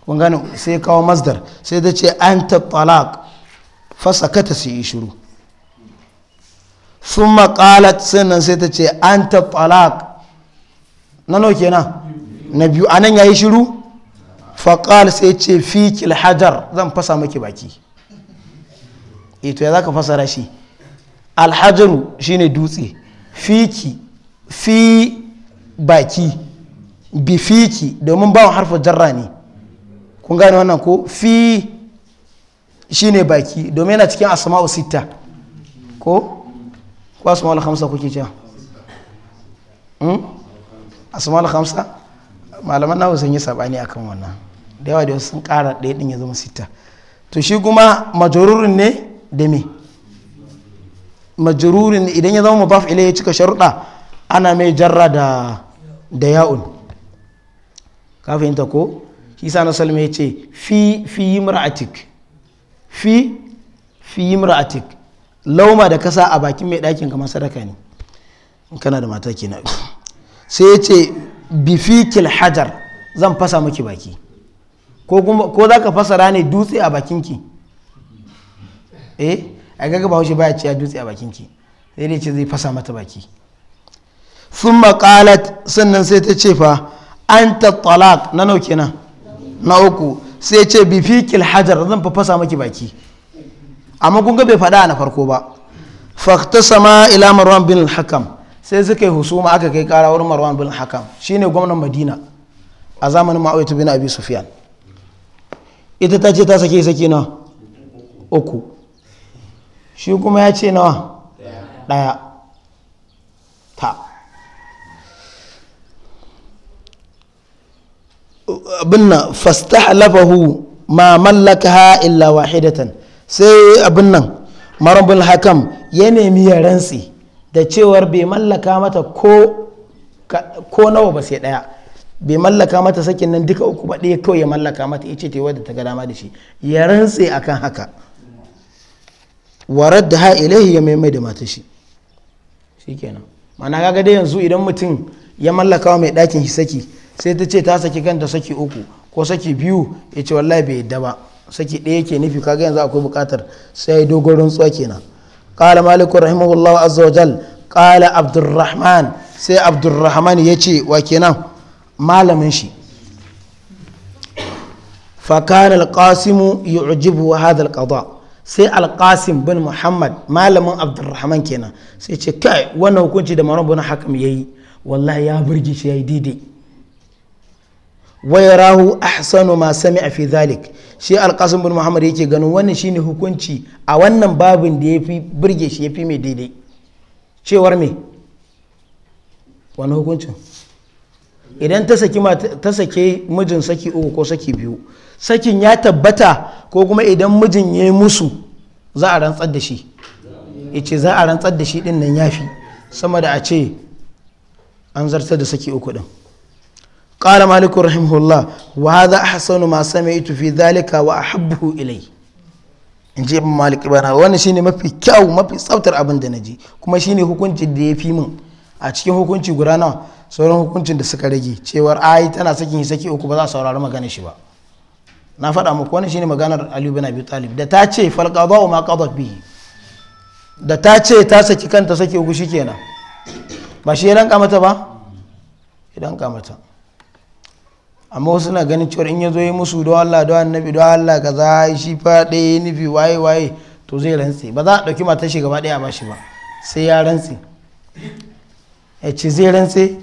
A: kun gano sai kawo masdar sai ta ce anta talaq fasakata su yi shiru sun maƙalat sannan sai ta ce an ta talaq na nau kenan na biyu anan ya yi shiru faƙal sai ce fi kilhajar zan fasa maki baki ito ya za ka fasara shi alhajaru shine dutse fiki fi baki bifiki domin bawan harfa jarra ne kun gane wannan ko fi Shi ne baki domin yana cikin asma'u sita ko ko asma'ul khamsa kuke cewa hmm? asma'ul khamsa malaman nawa sun yi sabani akan wannan da yawa da yawa sun kara ɗaya din ya zama sita to shi kuma majarurin ne da me majururin idan ya zama mudaf ilai ya cika sharuɗa ana mai jarra da da ya'un ka fahimta ko shi sa na salma ya ce fi fi yi mar'atik fi fi imra'atik lauma da kasa a bakin mai ɗakin kamar sadaka ne in kana da mata kenan sai ya ce bifikil hajar zan fasa miki baki ko za ka fasara ne dutse a bakinki eh a gaga ba baya ciya dutse a bakinki sai ne ce zai fasa mata baki sun maƙalat sannan sai ta ce fa an ta talak na nauke na na uku sai ce bi fi hajar zan fafasa maki baki amma kun ga bai faɗa na farko ba sama ila marwan bin hakam sai suka yi husuma aka kai kara wurin marwan bin hakam shine gwamnan madina a zamanin ma'awaitu bin abi sufiyan ita ta ce ta sake sake na uku shi kuma ya ce nawa ɗaya abinnan fasta lafahu ma mallaka ha illa wahidatan sai abinnan nan hakam ya nemi ya rantsi da cewar bai mallaka mata ko nawa ba sai daya bai mallaka mata sakin nan duka uku ba ɗaya kawai ya mallaka mata ya ce ta wadda ta ga dama da shi ya rantse akan haka warar da ha ya maimai da mata shi kenan mana yanzu idan mutum ya mallaka mai ɗakin shi saki sai ta ce ta saki kanta saki uku ko saki biyu ya ce wallahi bai yadda ba saki ɗaya yake nufi kaga yanzu akwai buƙatar sai dogon rantsuwa kenan qala malikur rahimahullahu azza wa jal qala abdurrahman sai abdurrahman ya ce wa kenan malamin shi فكان القاسم يعجبه هذا القضاء sai Alkasim bin muhammad malamin abdulrahman kenan sai ce kai wannan hukunci da marabba na hakam yayi wallahi ya burge shi yayi daidai wa yarahu ahsanu ma a fi zalik shi alqasim bin muhammad yake ganin wannan shine hukunci a wannan babin da ya fi birge shi ya fi mai daidai cewar me wani hukuncin idan ta sake mijin saki uku ko saki biyu sakin ya tabbata ko kuma idan mijin ya yi musu za a rantsar da shi ya ce za a rantsar da shi din nan ya fi sama da a ce an zartar da saki uku din قال مالك رحمه الله وهذا أحسن ما سمعت في ذلك وأحبه إلي in ji malik ibana wannan shine mafi kyau mafi tsaftar abin da naji kuma shine hukuncin da ya fi min a cikin hukunci guda na sauran hukuncin da suka rage cewar ai tana sakin saki uku ba za a saurari magana shi ba na faɗa muku wannan shine maganar Ali bin Abi Talib da ta ce fal qada ma qadat bihi da ta ce ta saki kanta saki uku shikenan ba shi ya ranka mata ba ya ranka mata amma wasu na ganin cewar in ya zo yi musu don Allah don annabi don Allah kaza shi fa yi nufi waye waye to zai rantse ba za a ɗauki matar shi gaba ɗaya ba shi ba sai ya rantse ya ce zai rantse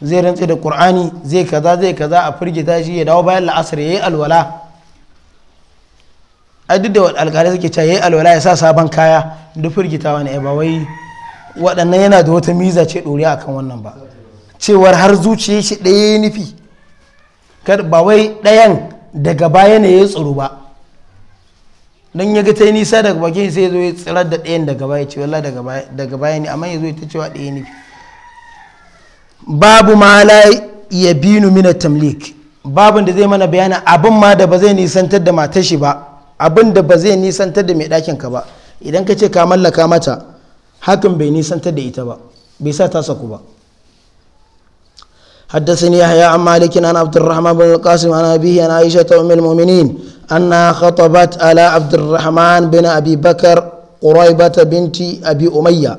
A: zai rantse da qur'ani zai kaza zai kaza a firgita shi ya dawo bayan la'asar ya yi alwala a duk da alƙalai suke cewa ya yi alwala ya sa sabon kaya duk firgitawa wani ba wai waɗannan yana da wata miza ce ɗoriya akan wannan ba cewar har zuciyar shi ɗaya nufi ba wai ɗayan daga baya ne ya tsoro ba don ya ga ta nisa daga bakin sai ya zo ya tsirar da ɗayan daga baya ce wala daga baya ne amma ya zo ta cewa ɗaya ne babu ma la ya binu mina tamlik babin da zai mana bayana abin ma da ba zai nisantar da matar shi ba abin da ba zai nisantar da mai ɗakin ka ba idan ka ce ka mallaka mata hakan bai nisantar da ita ba bai sa ta saku ba حدثني يحيى عن مالك عن عبد الرحمن بن القاسم عن أبيه عن عائشة أم المؤمنين أنها خطبت على عبد الرحمن بن أبي بكر قريبة بنت أبي أمية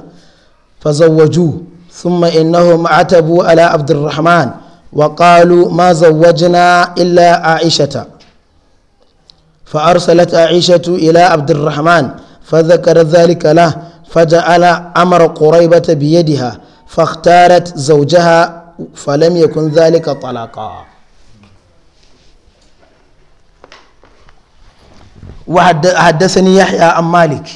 A: فزوجوه ثم إنهم عتبوا على عبد الرحمن وقالوا ما زوجنا إلا عائشة فأرسلت عائشة إلى عبد الرحمن فذكر ذلك له فجعل أمر قريبة بيدها فاختارت زوجها falam yakun zalika talaqa وحدثني يحيى عن مالك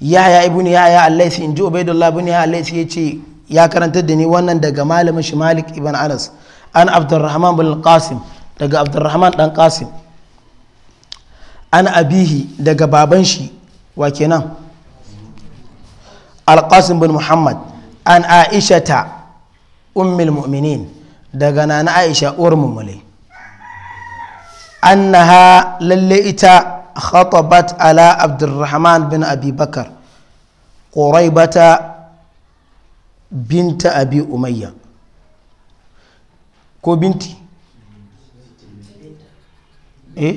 A: يحيى ابن يحيى الليثي ان جو عبيد الله بن يحيى الليثي يجي يا كرنت دني wannan daga malamin shi Malik ibn Anas an Abdurrahman bin Qasim daga Abdurrahman dan Qasim an abihi daga baban shi wa kenan Al-Qasim bin Muhammad an Aisha ta ummil mu'minin daga nana aisha uwar mummulai annaha lalle ita khatabat ala abdurrahman bin abi bakar quraibata binta abi umayya ko binti eh?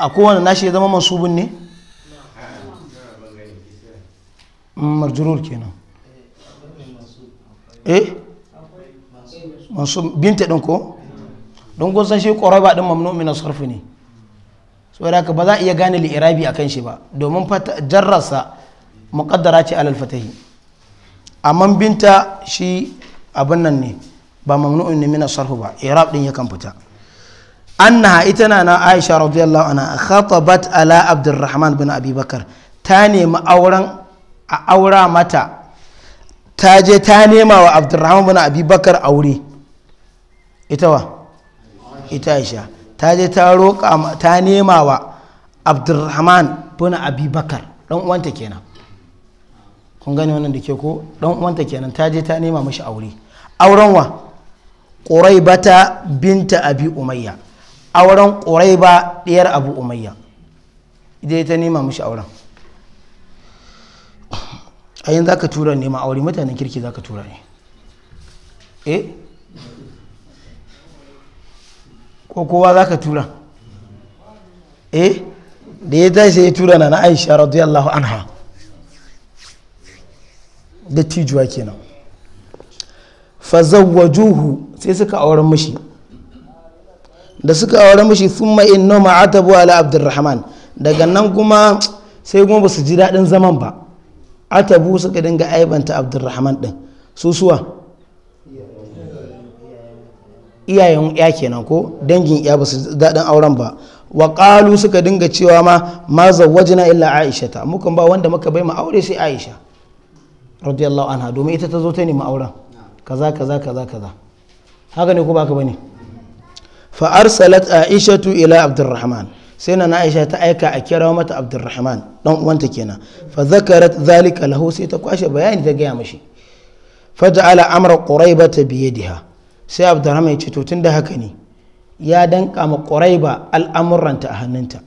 A: a kowane nashi ya zama mansubin ne hmm, marjurur kenan eh binta ɗin ko don kusan shi ƙoraba ɗin mamnu min sarfi ne saboda haka ba za a iya gane li'irabi a kan shi ba domin jarrarsa muƙaddara ce alal fatahi amma binta shi abin nan ne ba mamnu'in ne min sarfi ba irab ɗin yakan fita annaha ita na na aisha radiyallahu anha khatabat ala abdurrahman bin abubakar ta nemi auren a aura mata ta je ta nema wa abdurrahman bin abubakar aure ita wa ita aisha ta je ta roƙa ta nema wa abdurrahman bin abubakar dan uwanta kenan kun gani wannan da ke ko dan uwanta kenan ta je ta nema mashi aure auren wa ta binta abi umayya auren ba diyar abu umayya idai ta nema mashi auren ayin za ka tura neman aure mutanen kirki za ka tura ne eh ko kowa za ka tura eh da ya tashi ya tura na na aisha radiyallahu anha da tijuwa kenan fazawwajuhu sai suka aure mashi da suka aure mashi sun ma'in noma atabu ala abdurrahman daga nan kuma sai kuma ba su ji daɗin zaman ba atabu suka dinga aibanta abdurrahman din su suwa iyayen ya kenan ko dangin ya basu su daɗin auren ba wa ƙalu suka dinga cewa ma ma zawajina illa aisha ta mukan ba wanda muka bai aure sai aisha radiyallahu anha domin ita ta zo ta nemi auren kaza kaza kaza kaza haka ne ko baka bane fa arsalat aishatu ila abdurrahman sai na Aisha ta aika a kira mata Abdurrahman dan uwanta kenan fa zakarat zalika lahu sai ta kwashe bayani ta gaya mashi faja'ala amra ta biye diha sai abdulrahman ya ce to tunda haka ne ya danka ma qurayba al'amuranta a hannunta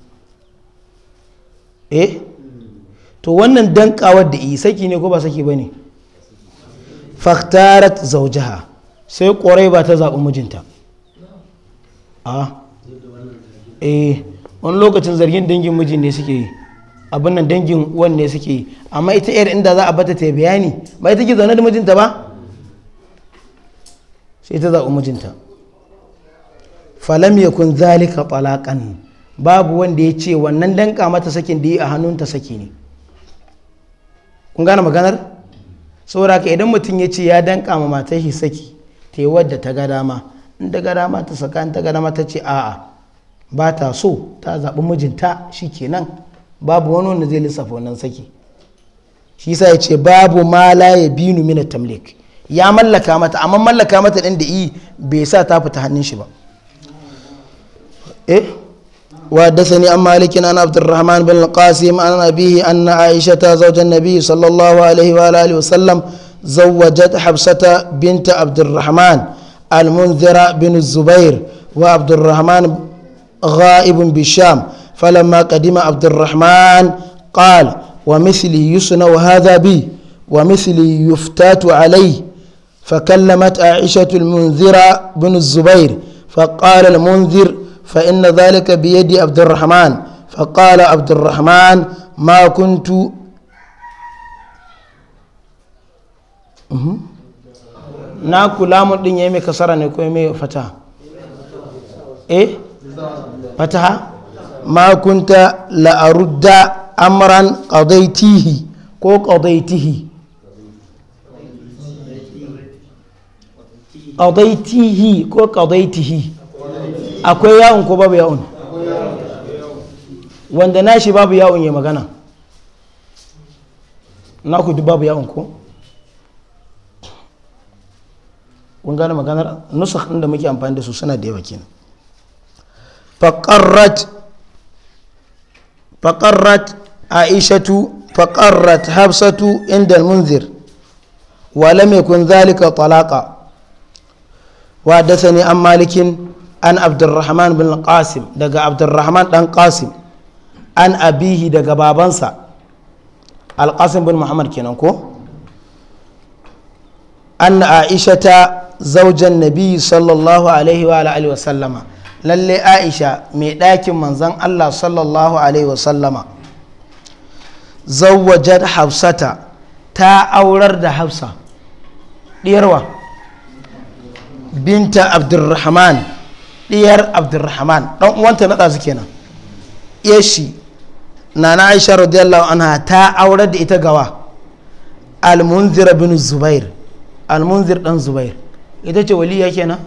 A: eh to wannan dankawar da yi saki ne ko ba saki bane faktarat zawjaha sai qurayba ta zabi mijinta a ah? eh wani lokacin zargin dangin miji ne suke yi abin nan dangin uwan ne suke yi amma ita yar inda za a bata ta bayani ba ita ke zaune da mijinta ba sai ta zaɓi mijinta falam kun zalika talaqan babu wanda ya ce wannan danka mata sakin da yi a hannunta saki ne kun gane maganar sauraka ka idan mutum ya ce ya danka ma matashi saki ta yi wadda ta ga dama in ta ga dama ta saka in ta ga dama ta ce a'a ba ta so ta zaɓi mijinta shi kenan babu wani wanda zai lissafa wannan saki shi sa ya ce babu ma la ya binu mina tamlik ya mallaka mata amma mallaka mata ɗin da yi bai sa ta fita hannun shi ba eh وحدثني عن مالك عن عبد الرحمن بن القاسم عن أبيه أن عائشة زوج النبي صلى الله عليه وآله وسلم زوجت حبسة بنت عبد الرحمن المنذر بن الزبير وعبد الرحمن غائب بالشام فلما قدم عبد الرحمن قال ومثلي يصنع هذا بي ومثلي يفتات عليه فكلمت عائشة المنذر بن الزبير فقال المنذر فإن ذلك بيد عبد الرحمن فقال عبد الرحمن ما كنت na kula mun din yayi mai kasara ne ko fataha makunta kunta la'arudda amran qadaitihi ko qadaitihi qadaitihi ko qadaitihi akwai ya'un ko babu ya'un wanda na shi babu ya'un ya magana na ku babu ya'un ko kun gane maganar nusakh da muke amfani da su suna da yawa kenan فقرت فقرت عائشة فقرت حفصة عند المنذر ولم يكن ذلك طلاقا وحدثني عن مالك عن عبد الرحمن بن القاسم دقى عبد الرحمن بن قاسم عن أبيه دقى بابنسا القاسم بن محمد كننكو أن عائشة زوج النبي صلى الله عليه وعلى آله وسلم lalle aisha mai ɗakin manzan allah sallallahu alaihi wasallama zawajar hafsata ta aurar da hafsa ɗiyarwa binta abdurrahman ɗiyar abdurrahman ɗan uwanta na ɗazu kenan yashi na na aisha radiyallahu anha ta aurar da ita gawa almunzir bin zubair almunzir ɗan zubair ita ce waliya kenan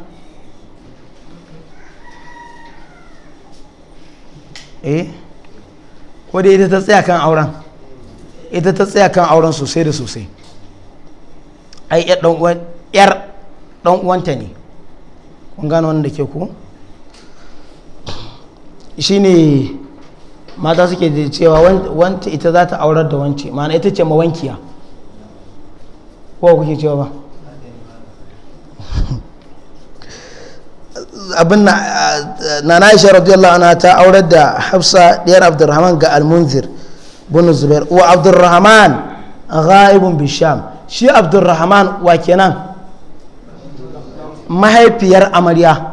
A: eh ko dai ita ta tsaya kan auren ita ta tsaya kan auren sosai da sosai ai yar dan uwanta ne kun gano wanda ke ku shine mata suke da cewa wance ita za ta aurar da wance ma'ana ita ce mawankiya ko kuke cewa ba abin na aisha radiyallahu anha ta aurar da hafsa ɗiyar abdurrahman ga almunzir bin zubair wa abdurrahman ghaibun bisham shi abdurrahman wa kenan mahaifiyar amarya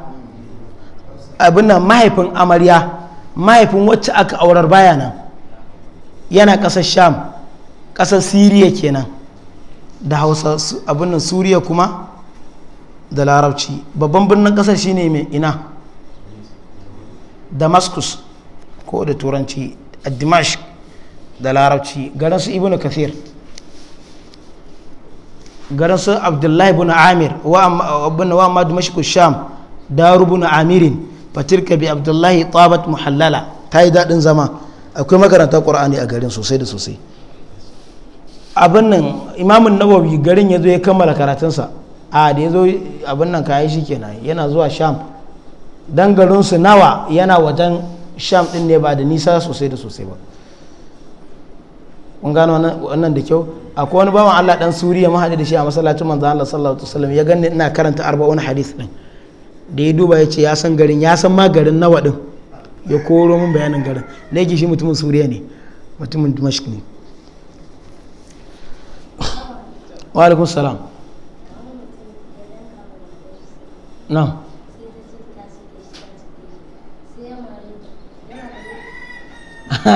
A: abin nan mahaifin amarya mahaifin wacce aka aurar baya nan yana ƙasar sham ƙasar siriya kenan da hausa abin nan suriya kuma da larabci babban birnin kasar shine mai ina damascus ko da turanci a dimashq da larabci garin su ibn kathir garin su abdullahi ibn amir wa amma dimashq sham daru ibn amirin fatirka bi abdullahi tabat muhallala ta yi daɗin zama akwai makaranta ƙur'ani a garin sosai da sosai abin nan imamun nawawi garin ya zo ya kammala karatunsa a da ya zo abin nan kayan shi kenan yana zuwa sham don garinsu nawa yana wajen sham din ne ba da nisa sosai da sosai ba kun gano wannan da kyau akwai wani bawan Allah dan Suriya mahadi da shi a masallacin manzo Allah sallallahu alaihi wasallam ya ganni ina karanta arba'un hadith din da ya duba ya ce ya san garin ya san ma garin nawa din ya koro min bayanin garin laiki shi mutumin Suriya ne mutumin Dimashq ne wa alaikum salam na [LAUGHS]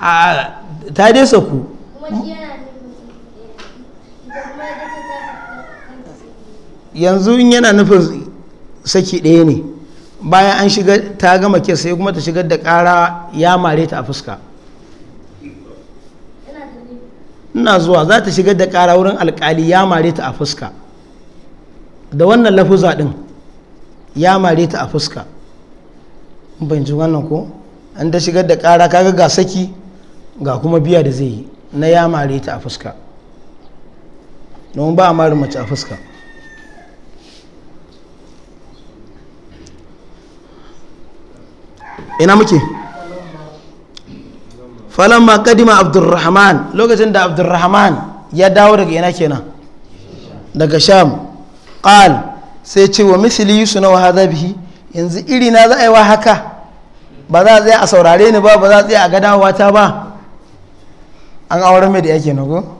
A: ah, ta dai saku yanzu in yana nufin saki ɗaya ne bayan an shiga ta gama ke sai kuma ta shigar da ƙara ya mare ta a fuska ina zuwa za ta shigar da ƙara wurin alƙali ya mare ta a fuska da wannan lafuza ɗin ya mare ta a fuska ban ji wannan ko an ta shigar da kara kaga ga saki ga kuma biya da zai yi na ya mare ta a fuska domin ba a mara mace a fuska ina muke ma kadima abdurrahman lokacin da abdurrahman ya dawo daga ina kenan daga sham qal sai ce wa misali yusu na wahaza bihi yanzu iri na za a yi wa haka ba za a tsaye a saurare ni ba ba za a tsaye a ga dawata ba an auren mai da yake nago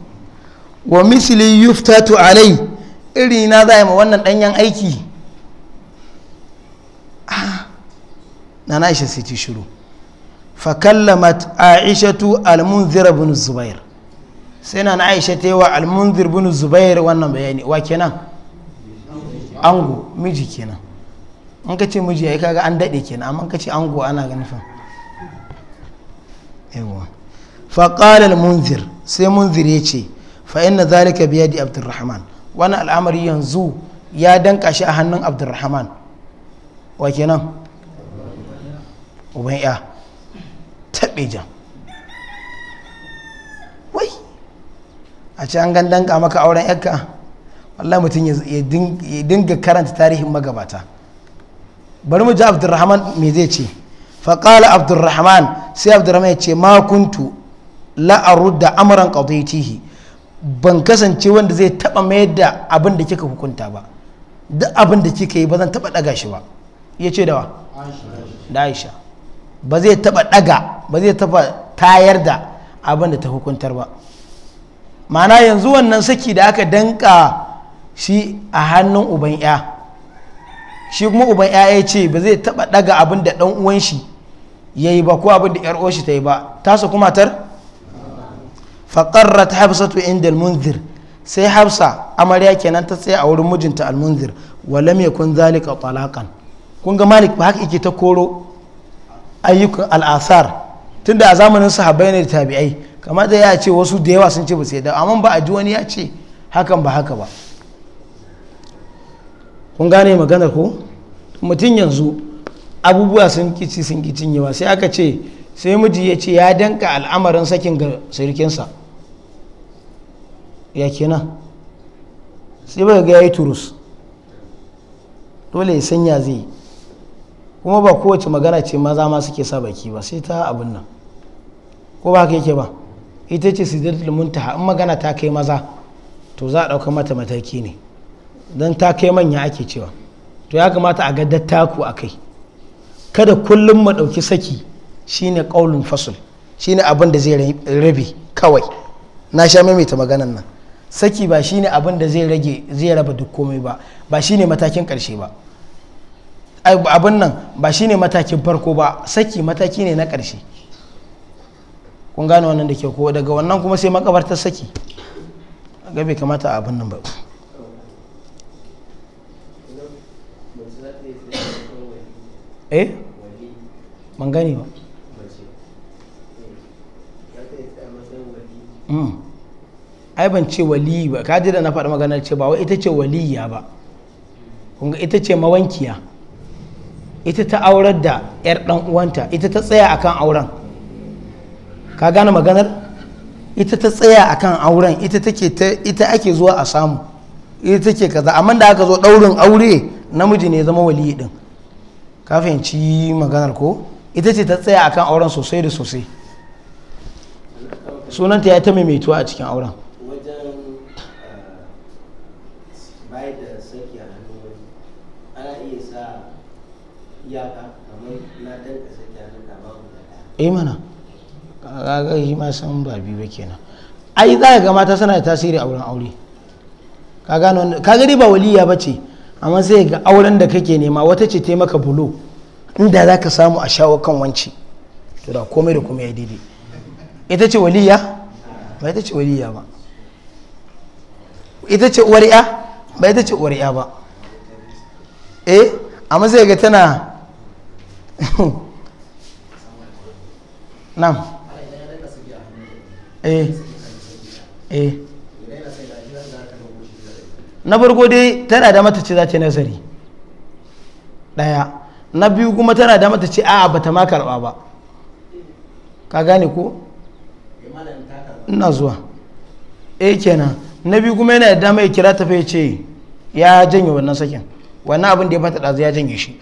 A: wa misali yuftatu alai iri na za a yi ma wannan danyen aiki ah, na na aisha sai ta shiru fakallamat aishatu almunzir bin zubair sai na na aisha ta yi wa almunzir bin zubair wannan bayani wa kenan ango miji kenan an ka ce miji ai kaga an daɗe kenan amma ka ce ango ana ga nufin yawa faƙalar munzir sai munzir ya ce fa'in na zalika biya di abdurrahman wani al'amari yanzu ya danka shi a hannun abdurrahman wa kenan uban ya taɓe jan wai a ci an gan maka auren yakka Allah mutum ya dinga karanta tarihin magabata bari mu ji abdurrahman me zai ce faƙala abdurrahman sai abdurrahman ya ce ma kuntu la'arud da amuran ƙautaitihi ban kasance wanda zai taɓa mayar da abin da kika hukunta ba duk abin da kika yi ba zan taɓa ɗaga shi ba ya ce dawa da aisha ba zai taɓa ɗaga ba zai taɓa tayar da abin da ta hukuntar ba ma'ana yanzu wannan saki da aka danka shi a hannun uban ya shi kuma uban ya ya ce ba zai taba daga abin da dan uwan shi ya yi ba ko abin da yar shi ta yi ba ta su kuma tar faƙarrat habsatu inda al-munzir sai hafsa amarya kenan ta tsaye a wurin mijinta almunzir walam kun zalika talaqan kun ga malik ba haka yake ta koro ayyukan al'asar tunda a zamanin sahabbai ne da tabi'ai kamar da ya ce wasu da yawa sun ce ba sai da amma ba a ji wani ya ce hakan ba haka ba kun gane magana ko mutum yanzu abubuwa sun kici sun cinyewa sai aka ce sai miji ya ce ya danka al'amarin sakin ga sirkinsa ya kenan sai ba ga turus dole ya sanya zai kuma ba kowace magana ce maza ma suke sa baki ba sai ta abin nan ko ba yake ba ita ce sidratul muntaha in magana ta kai maza to za a ɗauka mata mataki ne don ta kai manya ake cewa to ya kamata a ga dattaku a kai kada kullum mu ɗauki saki shine ƙaunin fasul shine abin da zai rabe kawai na sha maimaita maganan nan saki ba shine abin da zai rage zai raba duk komai ba ba shine matakin ƙarshe ba abin nan ba shine matakin farko ba saki mataki ne na ƙarshe kun gane wannan da ke ko daga wannan kuma sai makabartar saki ga bai kamata abin nan ba eh ban gani ba hmm. ai ban ce waliyi ba kaji da na faɗa maganar ce ba wai ita ce waliya ba kunga ita ce mawankiya ita ta aurar da 'yar ɗan uwanta ita ta tsaya akan auren ka gane maganar ita ta tsaya akan auren ita take ita ake zuwa a samu ita take kaza amma da aka zo ɗaurin aure namiji ne zama waliyi din ka fahimci maganar ko ita ce ta tsaya akan auren sosai da sosai sunanta ya ta maimaituwa a cikin auren eh mana kaga shi ma san ba biyu ba kenan ai za ka ga mata suna da tasiri a wurin aure ka gano ka gari ba waliya ce amma sai ga auren da kake nema wata ce taimaka maka bulo inda za ka samu a shawo kan wanci to da komai da komai ya daidai ita ce waliya ba ita ce waliya ba ita ce uwar ba ita ce uwar ba eh amma sai ga tana [LAUGHS] nan. eh eh na farko dai tana da mata ce za ta nazari ɗaya na biyu kuma tana da mata ce a'a bata ma karɓa ba ka gane ko ina zuwa eh kenan na biyu kuma yana da dama ya kira tafe ce ya janye wannan sakin wannan abin da ya fata ɗazu ya janye shi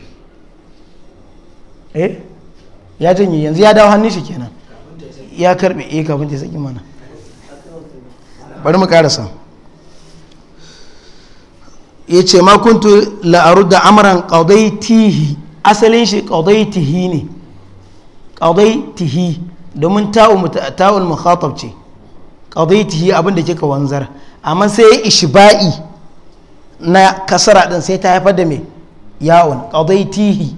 A: eh ya janye yanzu ya dawo hannun shi kenan ya karbe eh kafin ta saki mana bari mu karasa ya ce makuntu la'aru da amuran tihi asalin shi tihi ne tihi domin ta'ul mukhatab ce tihi abinda kika wanzar amma sai ya ishi ba'i na kasara ɗin sai ta haifar da mai yawon tihi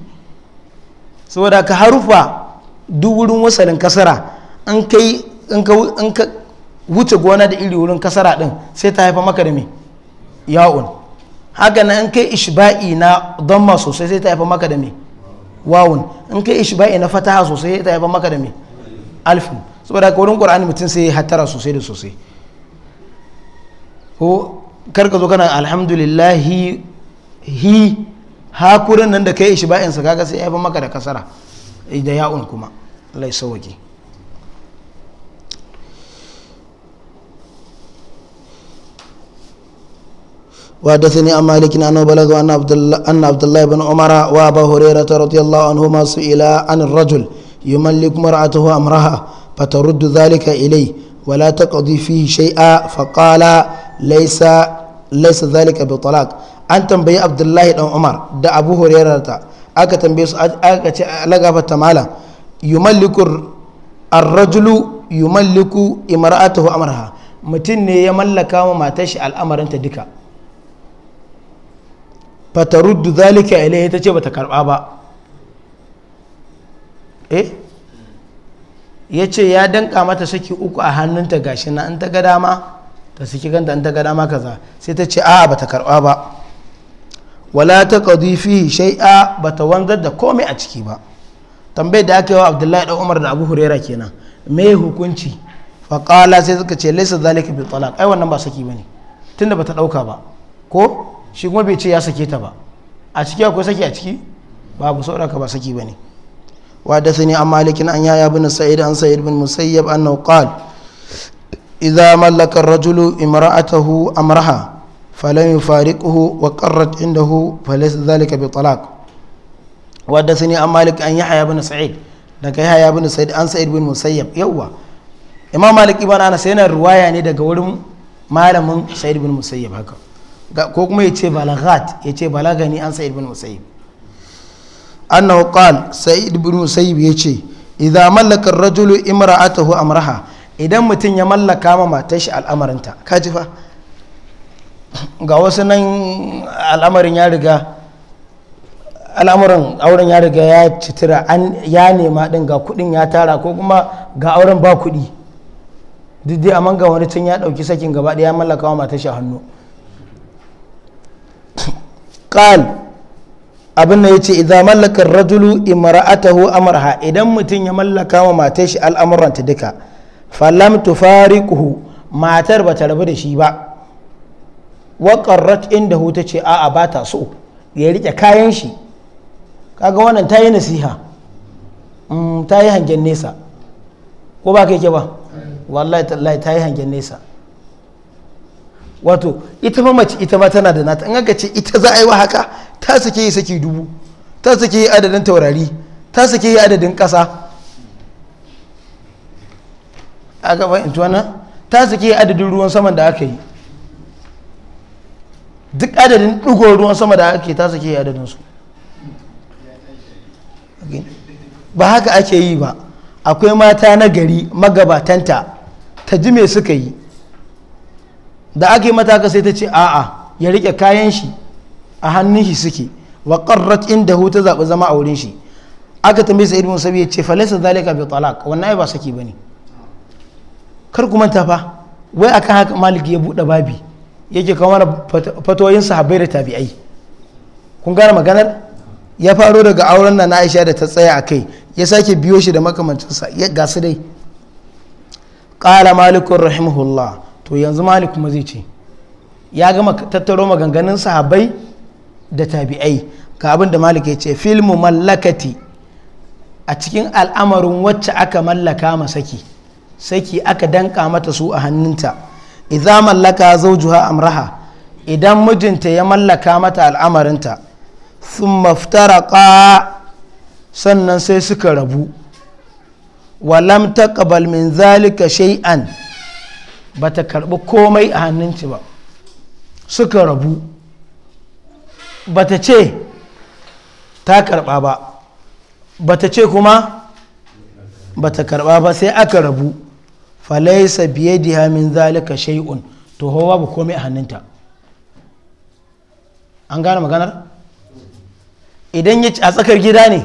A: saboda ka harufa duk wurin wasalin kasara in ka wuce gona da iri wurin kasara ɗin sai ta haifa maka da mai yawon haka nan in kai ishba'i na dhamma sosai sai ta haifa maka da me wawun in kai ishba'i na fataha sosai sai ta haifa maka da me alfin saboda ka wurin qur'ani mutum sai hattara sosai da sosai ko karka zo kana alhamdulillahi hi hakurin nan da kai ishba'in sa kaga sai ya haifa maka da kasara idan eh, ya'un kuma Allah ya sauke وحدثني عن مالك انه بلغ ان عبد الله ان عبد الله بن عمر وابا هريره رضي الله عنهما سئلا عن الرجل يملك مرأته امرها فترد ذلك اليه ولا تقضي فيه شيئا فقال ليس ليس ذلك بطلاق an tambayi abdullahi dan umar da abu hurairarta aka tambaye su aka ce lagafata mala yumalliku arrajulu yumalliku imra'atahu amraha mutum ne ya mallaka wa matar shi al'amarinta duka fataruddu zalika ilaihi ta ce bata karba ba eh ya ce ya danka mata saki uku a hannunta gashi na an ta ga dama ta saki ganta an ta ga dama kaza sai ta ce a'a bata karba ba wala ta qadi fihi shay'a bata wanzar da komai a ciki ba tambayar da aka yi wa Abdullahi da Umar da Abu Huraira kenan me hukunci faƙala sai suka ce laisa zalika bi talaq ai wannan ba saki bane tunda bata ɗauka ba ko shi kuma bai ce ya sake ta ba a ciki akwai saki a ciki ba babu sauraka ba saki bane wadda sani an malikin an yaya bin sa'id an sa'id bin musayyab an nauƙal idza mallaka rajulu imra'atahu amraha falam yufariquhu wa qarrat indahu falas zalika bi talaq wadda sani a malik an yaya bin sa'id daga yaya bin sa'id an sa'id bin musayyab yawa imam malik ibn anas yana riwaya ne daga wurin malamin sa'id bin musayyab haka ko kuma ya ce balagat ya ce balagani an sa'id bin musayyib annahu qal sa'id bin musayib ya ce idza mallaka ar-rajulu imra'atahu amraha idan mutum ya mallaka ma matar shi al'amarinta kaji fa ga wasu nan al'amarin ya riga al'amarin auren ya riga ya citira an ya nema din ga kudin ya tara ko kuma ga auren ba kudi duk dai amma ga wani tun ya dauki sakin gaba ya mallaka wa matar shi hannu ƙal abin da ya ce idan mallakar rajulu imra'atahu amarha idan mutum ya mallaka wa matar shi al'amuran ta duka falam tufariquhu matar ba ta rabu da shi ba wa qarrat indahu ta ce a'a ba ta so ya rike kayan shi kaga wannan ta yi nasiha ta yi hangen nesa ko ba kai ke ba wallahi ta yi hangen nesa wato ita ma mace ita ma tana da nata in aka ce ita za a yi wa haka ta sake yi saki dubu ta sake yi adadin taurari ta sake yi adadin ƙasa aka fahimci wannan ta sake yi adadin ruwan saman da aka yi duk adadin ɗigon ruwan sama da aka yi ta sake yi adadin su ba haka ake yi ba akwai mata na gari magabatanta ta ji me suka yi da aka yi mataka sai ta ce a'a ya rike kayan shi a hannun shi suke wa qarrat hu ta zaɓi zama a wurin shi aka tambaye sa bin sabi ya ce falaysa zalika bi talaq wannan ai ba saki bane kar ku manta fa wai akan haka maliki ya buɗe babi yake kamar fatoyin sahabbai da tabi'ai kun gane maganar ya faro daga auren na Aisha da ta tsaya a kai ya sake biyo shi da makamancinsa ya gasu dai qala malikun rahimahullah to yanzu malik kuma zai ce ya gama tattaro maganganun sahabbai da tabi'ai ga abin da malik ya ce filmu mallakati a cikin al'amarin wacce aka mallaka ma saki saki aka danka mata su a hannunta idza mallaka zawjuha amraha idan mijinta ya mallaka mata al'amarinta thumma iftaraqa sannan sai suka rabu walam taqbal min zalika shay'an ba ta karɓi komai a hannunci ba suka rabu ba ta ce ta karɓa ba ba ta ce kuma ba ta karɓa ba sai aka rabu falaisa biye min zalika shay'un to hawa ba komai a hannunta an gane maganar idan ya a tsakar gida ne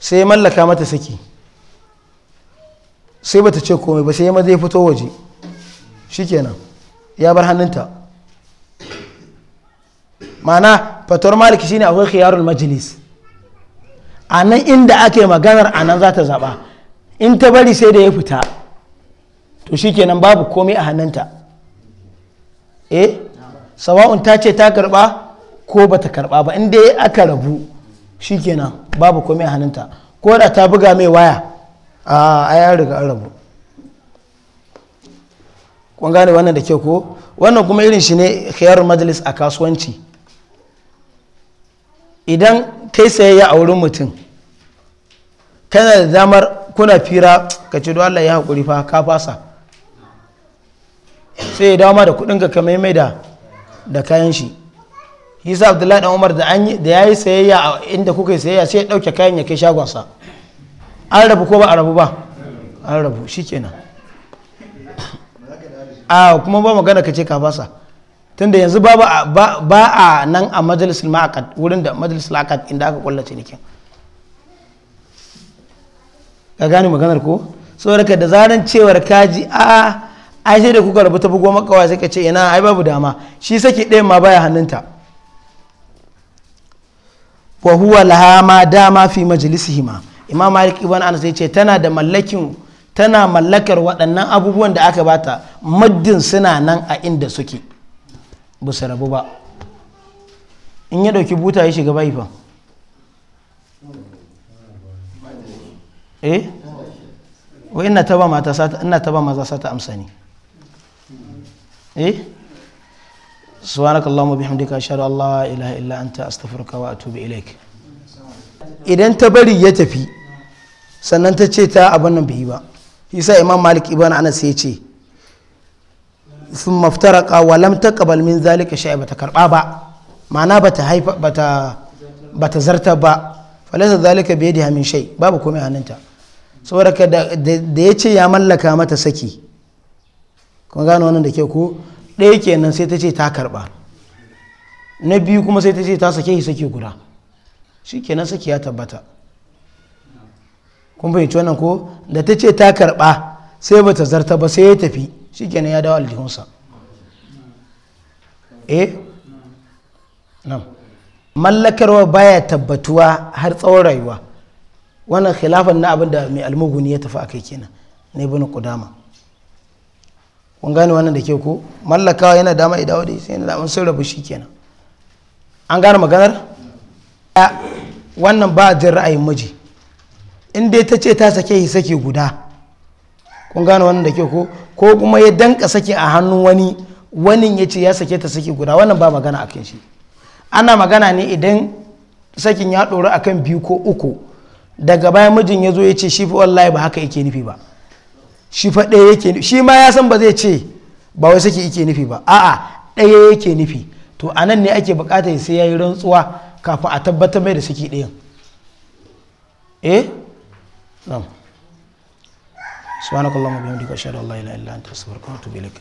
A: sai mallaka mata saki sai bata ce komai ba sai maza ya fito waje shikenan ya bar hannunta ma'ana fatawar maliki shine akwai khiyarul majalis a nan inda ake maganar a nan za ta zaba in ta bari sai da ya fita to shikenan babu komai a hannunta eh sawa'un ta ce ta karba ko ba ta karba ba inda ya aka rabu shikenan babu komai a hannunta ko da ta buga mai waya a ya riga an rabu kun gane wannan da ke ko wannan kuma irin shi ne khiyar majalis a kasuwanci idan kai sayayya a wurin mutum kana da damar kuna fira ka ce Allah ya haƙuri fa ka fasa sai ya dama da kuɗin ka kamar mai da da kayan shi isa abdullahi dan umar da ya yi sayayya a inda kuka yi sayayya sai ya ɗauke kayan ya kai shagonsa an rabu ko ba a rabu ba an rabu shikenan a kuma ba magana ka ce ka fasa tunda yanzu ba a nan a majalisul ma'aqad wurin da majalisul aqad inda aka kwallace nikin ka gane maganar ko saboda da zaran cewar kaji a ai sai da kuka rabu ta bugo makawa sai ka ce ina ai babu dama shi saki ɗayan ma baya hannunta wa huwa laha ma dama fi majlisihima imam malik ibn anas ya ce tana da mallakin tana mallakar waɗannan abubuwan da aka bata maddin suna nan a inda suke ba su rabu ba in ya ɗauki buta ya shiga bai fa eh wa ina taba mata sata ina taba maza sata amsa ne eh subhanakallahumma bihamdika ashhadu an la ilaha illa anta astaghfiruka wa atubu ilaik idan ta bari ya tafi sannan ta ce ta abin nan bai yi ba yasa imam malik ibn anas ya ce sun maftaraka wa lam taqbal min zalika shay'a bata karba ba ma'ana bata haifa bata bata zarta ba falaysa zalika bi yadiha min shay babu komai hannunta saboda da ya ce ya mallaka mata saki kun gano wannan da ke ko ɗaya kenan sai ta ce ta karba na biyu kuma sai ta ce ta sake shi sake guda shi nan saki ya tabbata kun fahimci wannan ko da ta ce ta karɓa sai ba ta zarta ba sai ya tafi shi nan ya dawo aljihunsa eh nan mallakarwa baya tabbatuwa har tsawon rayuwa wannan khilafan na abin da mai almuguni ya tafi a kai kenan na ibn qudama kun gane wannan da ke ko mallakawa yana dama idawa da sai yana da an sun rabu shi kenan an gane maganar Eh, wannan ba jin ra'ayin miji in dai ta ce ta sake yi sake guda kun gane wannan da ke ko ko kuma ya danka sake a hannun wani wani ya ce ya sake ta sake guda wannan ba magana a kan shi ana magana ne idan sakin ya ɗora a kan biyu ko uku daga bayan mijin ya zo ya ce shi fi wallahi ba haka yake nufi ba shi fa ɗaya yake nufi shi ma ya san ba zai ce ba wai sake yake nufi ba a'a ɗaya yake nufi to anan ne ake buƙatar sai ya yi rantsuwa kafin a tabbatar mai da suke ɗayan eh nam subhanakallahumma bihamdika ashhadu an la ilaha illa anta astaghfiruka wa atubu ilaik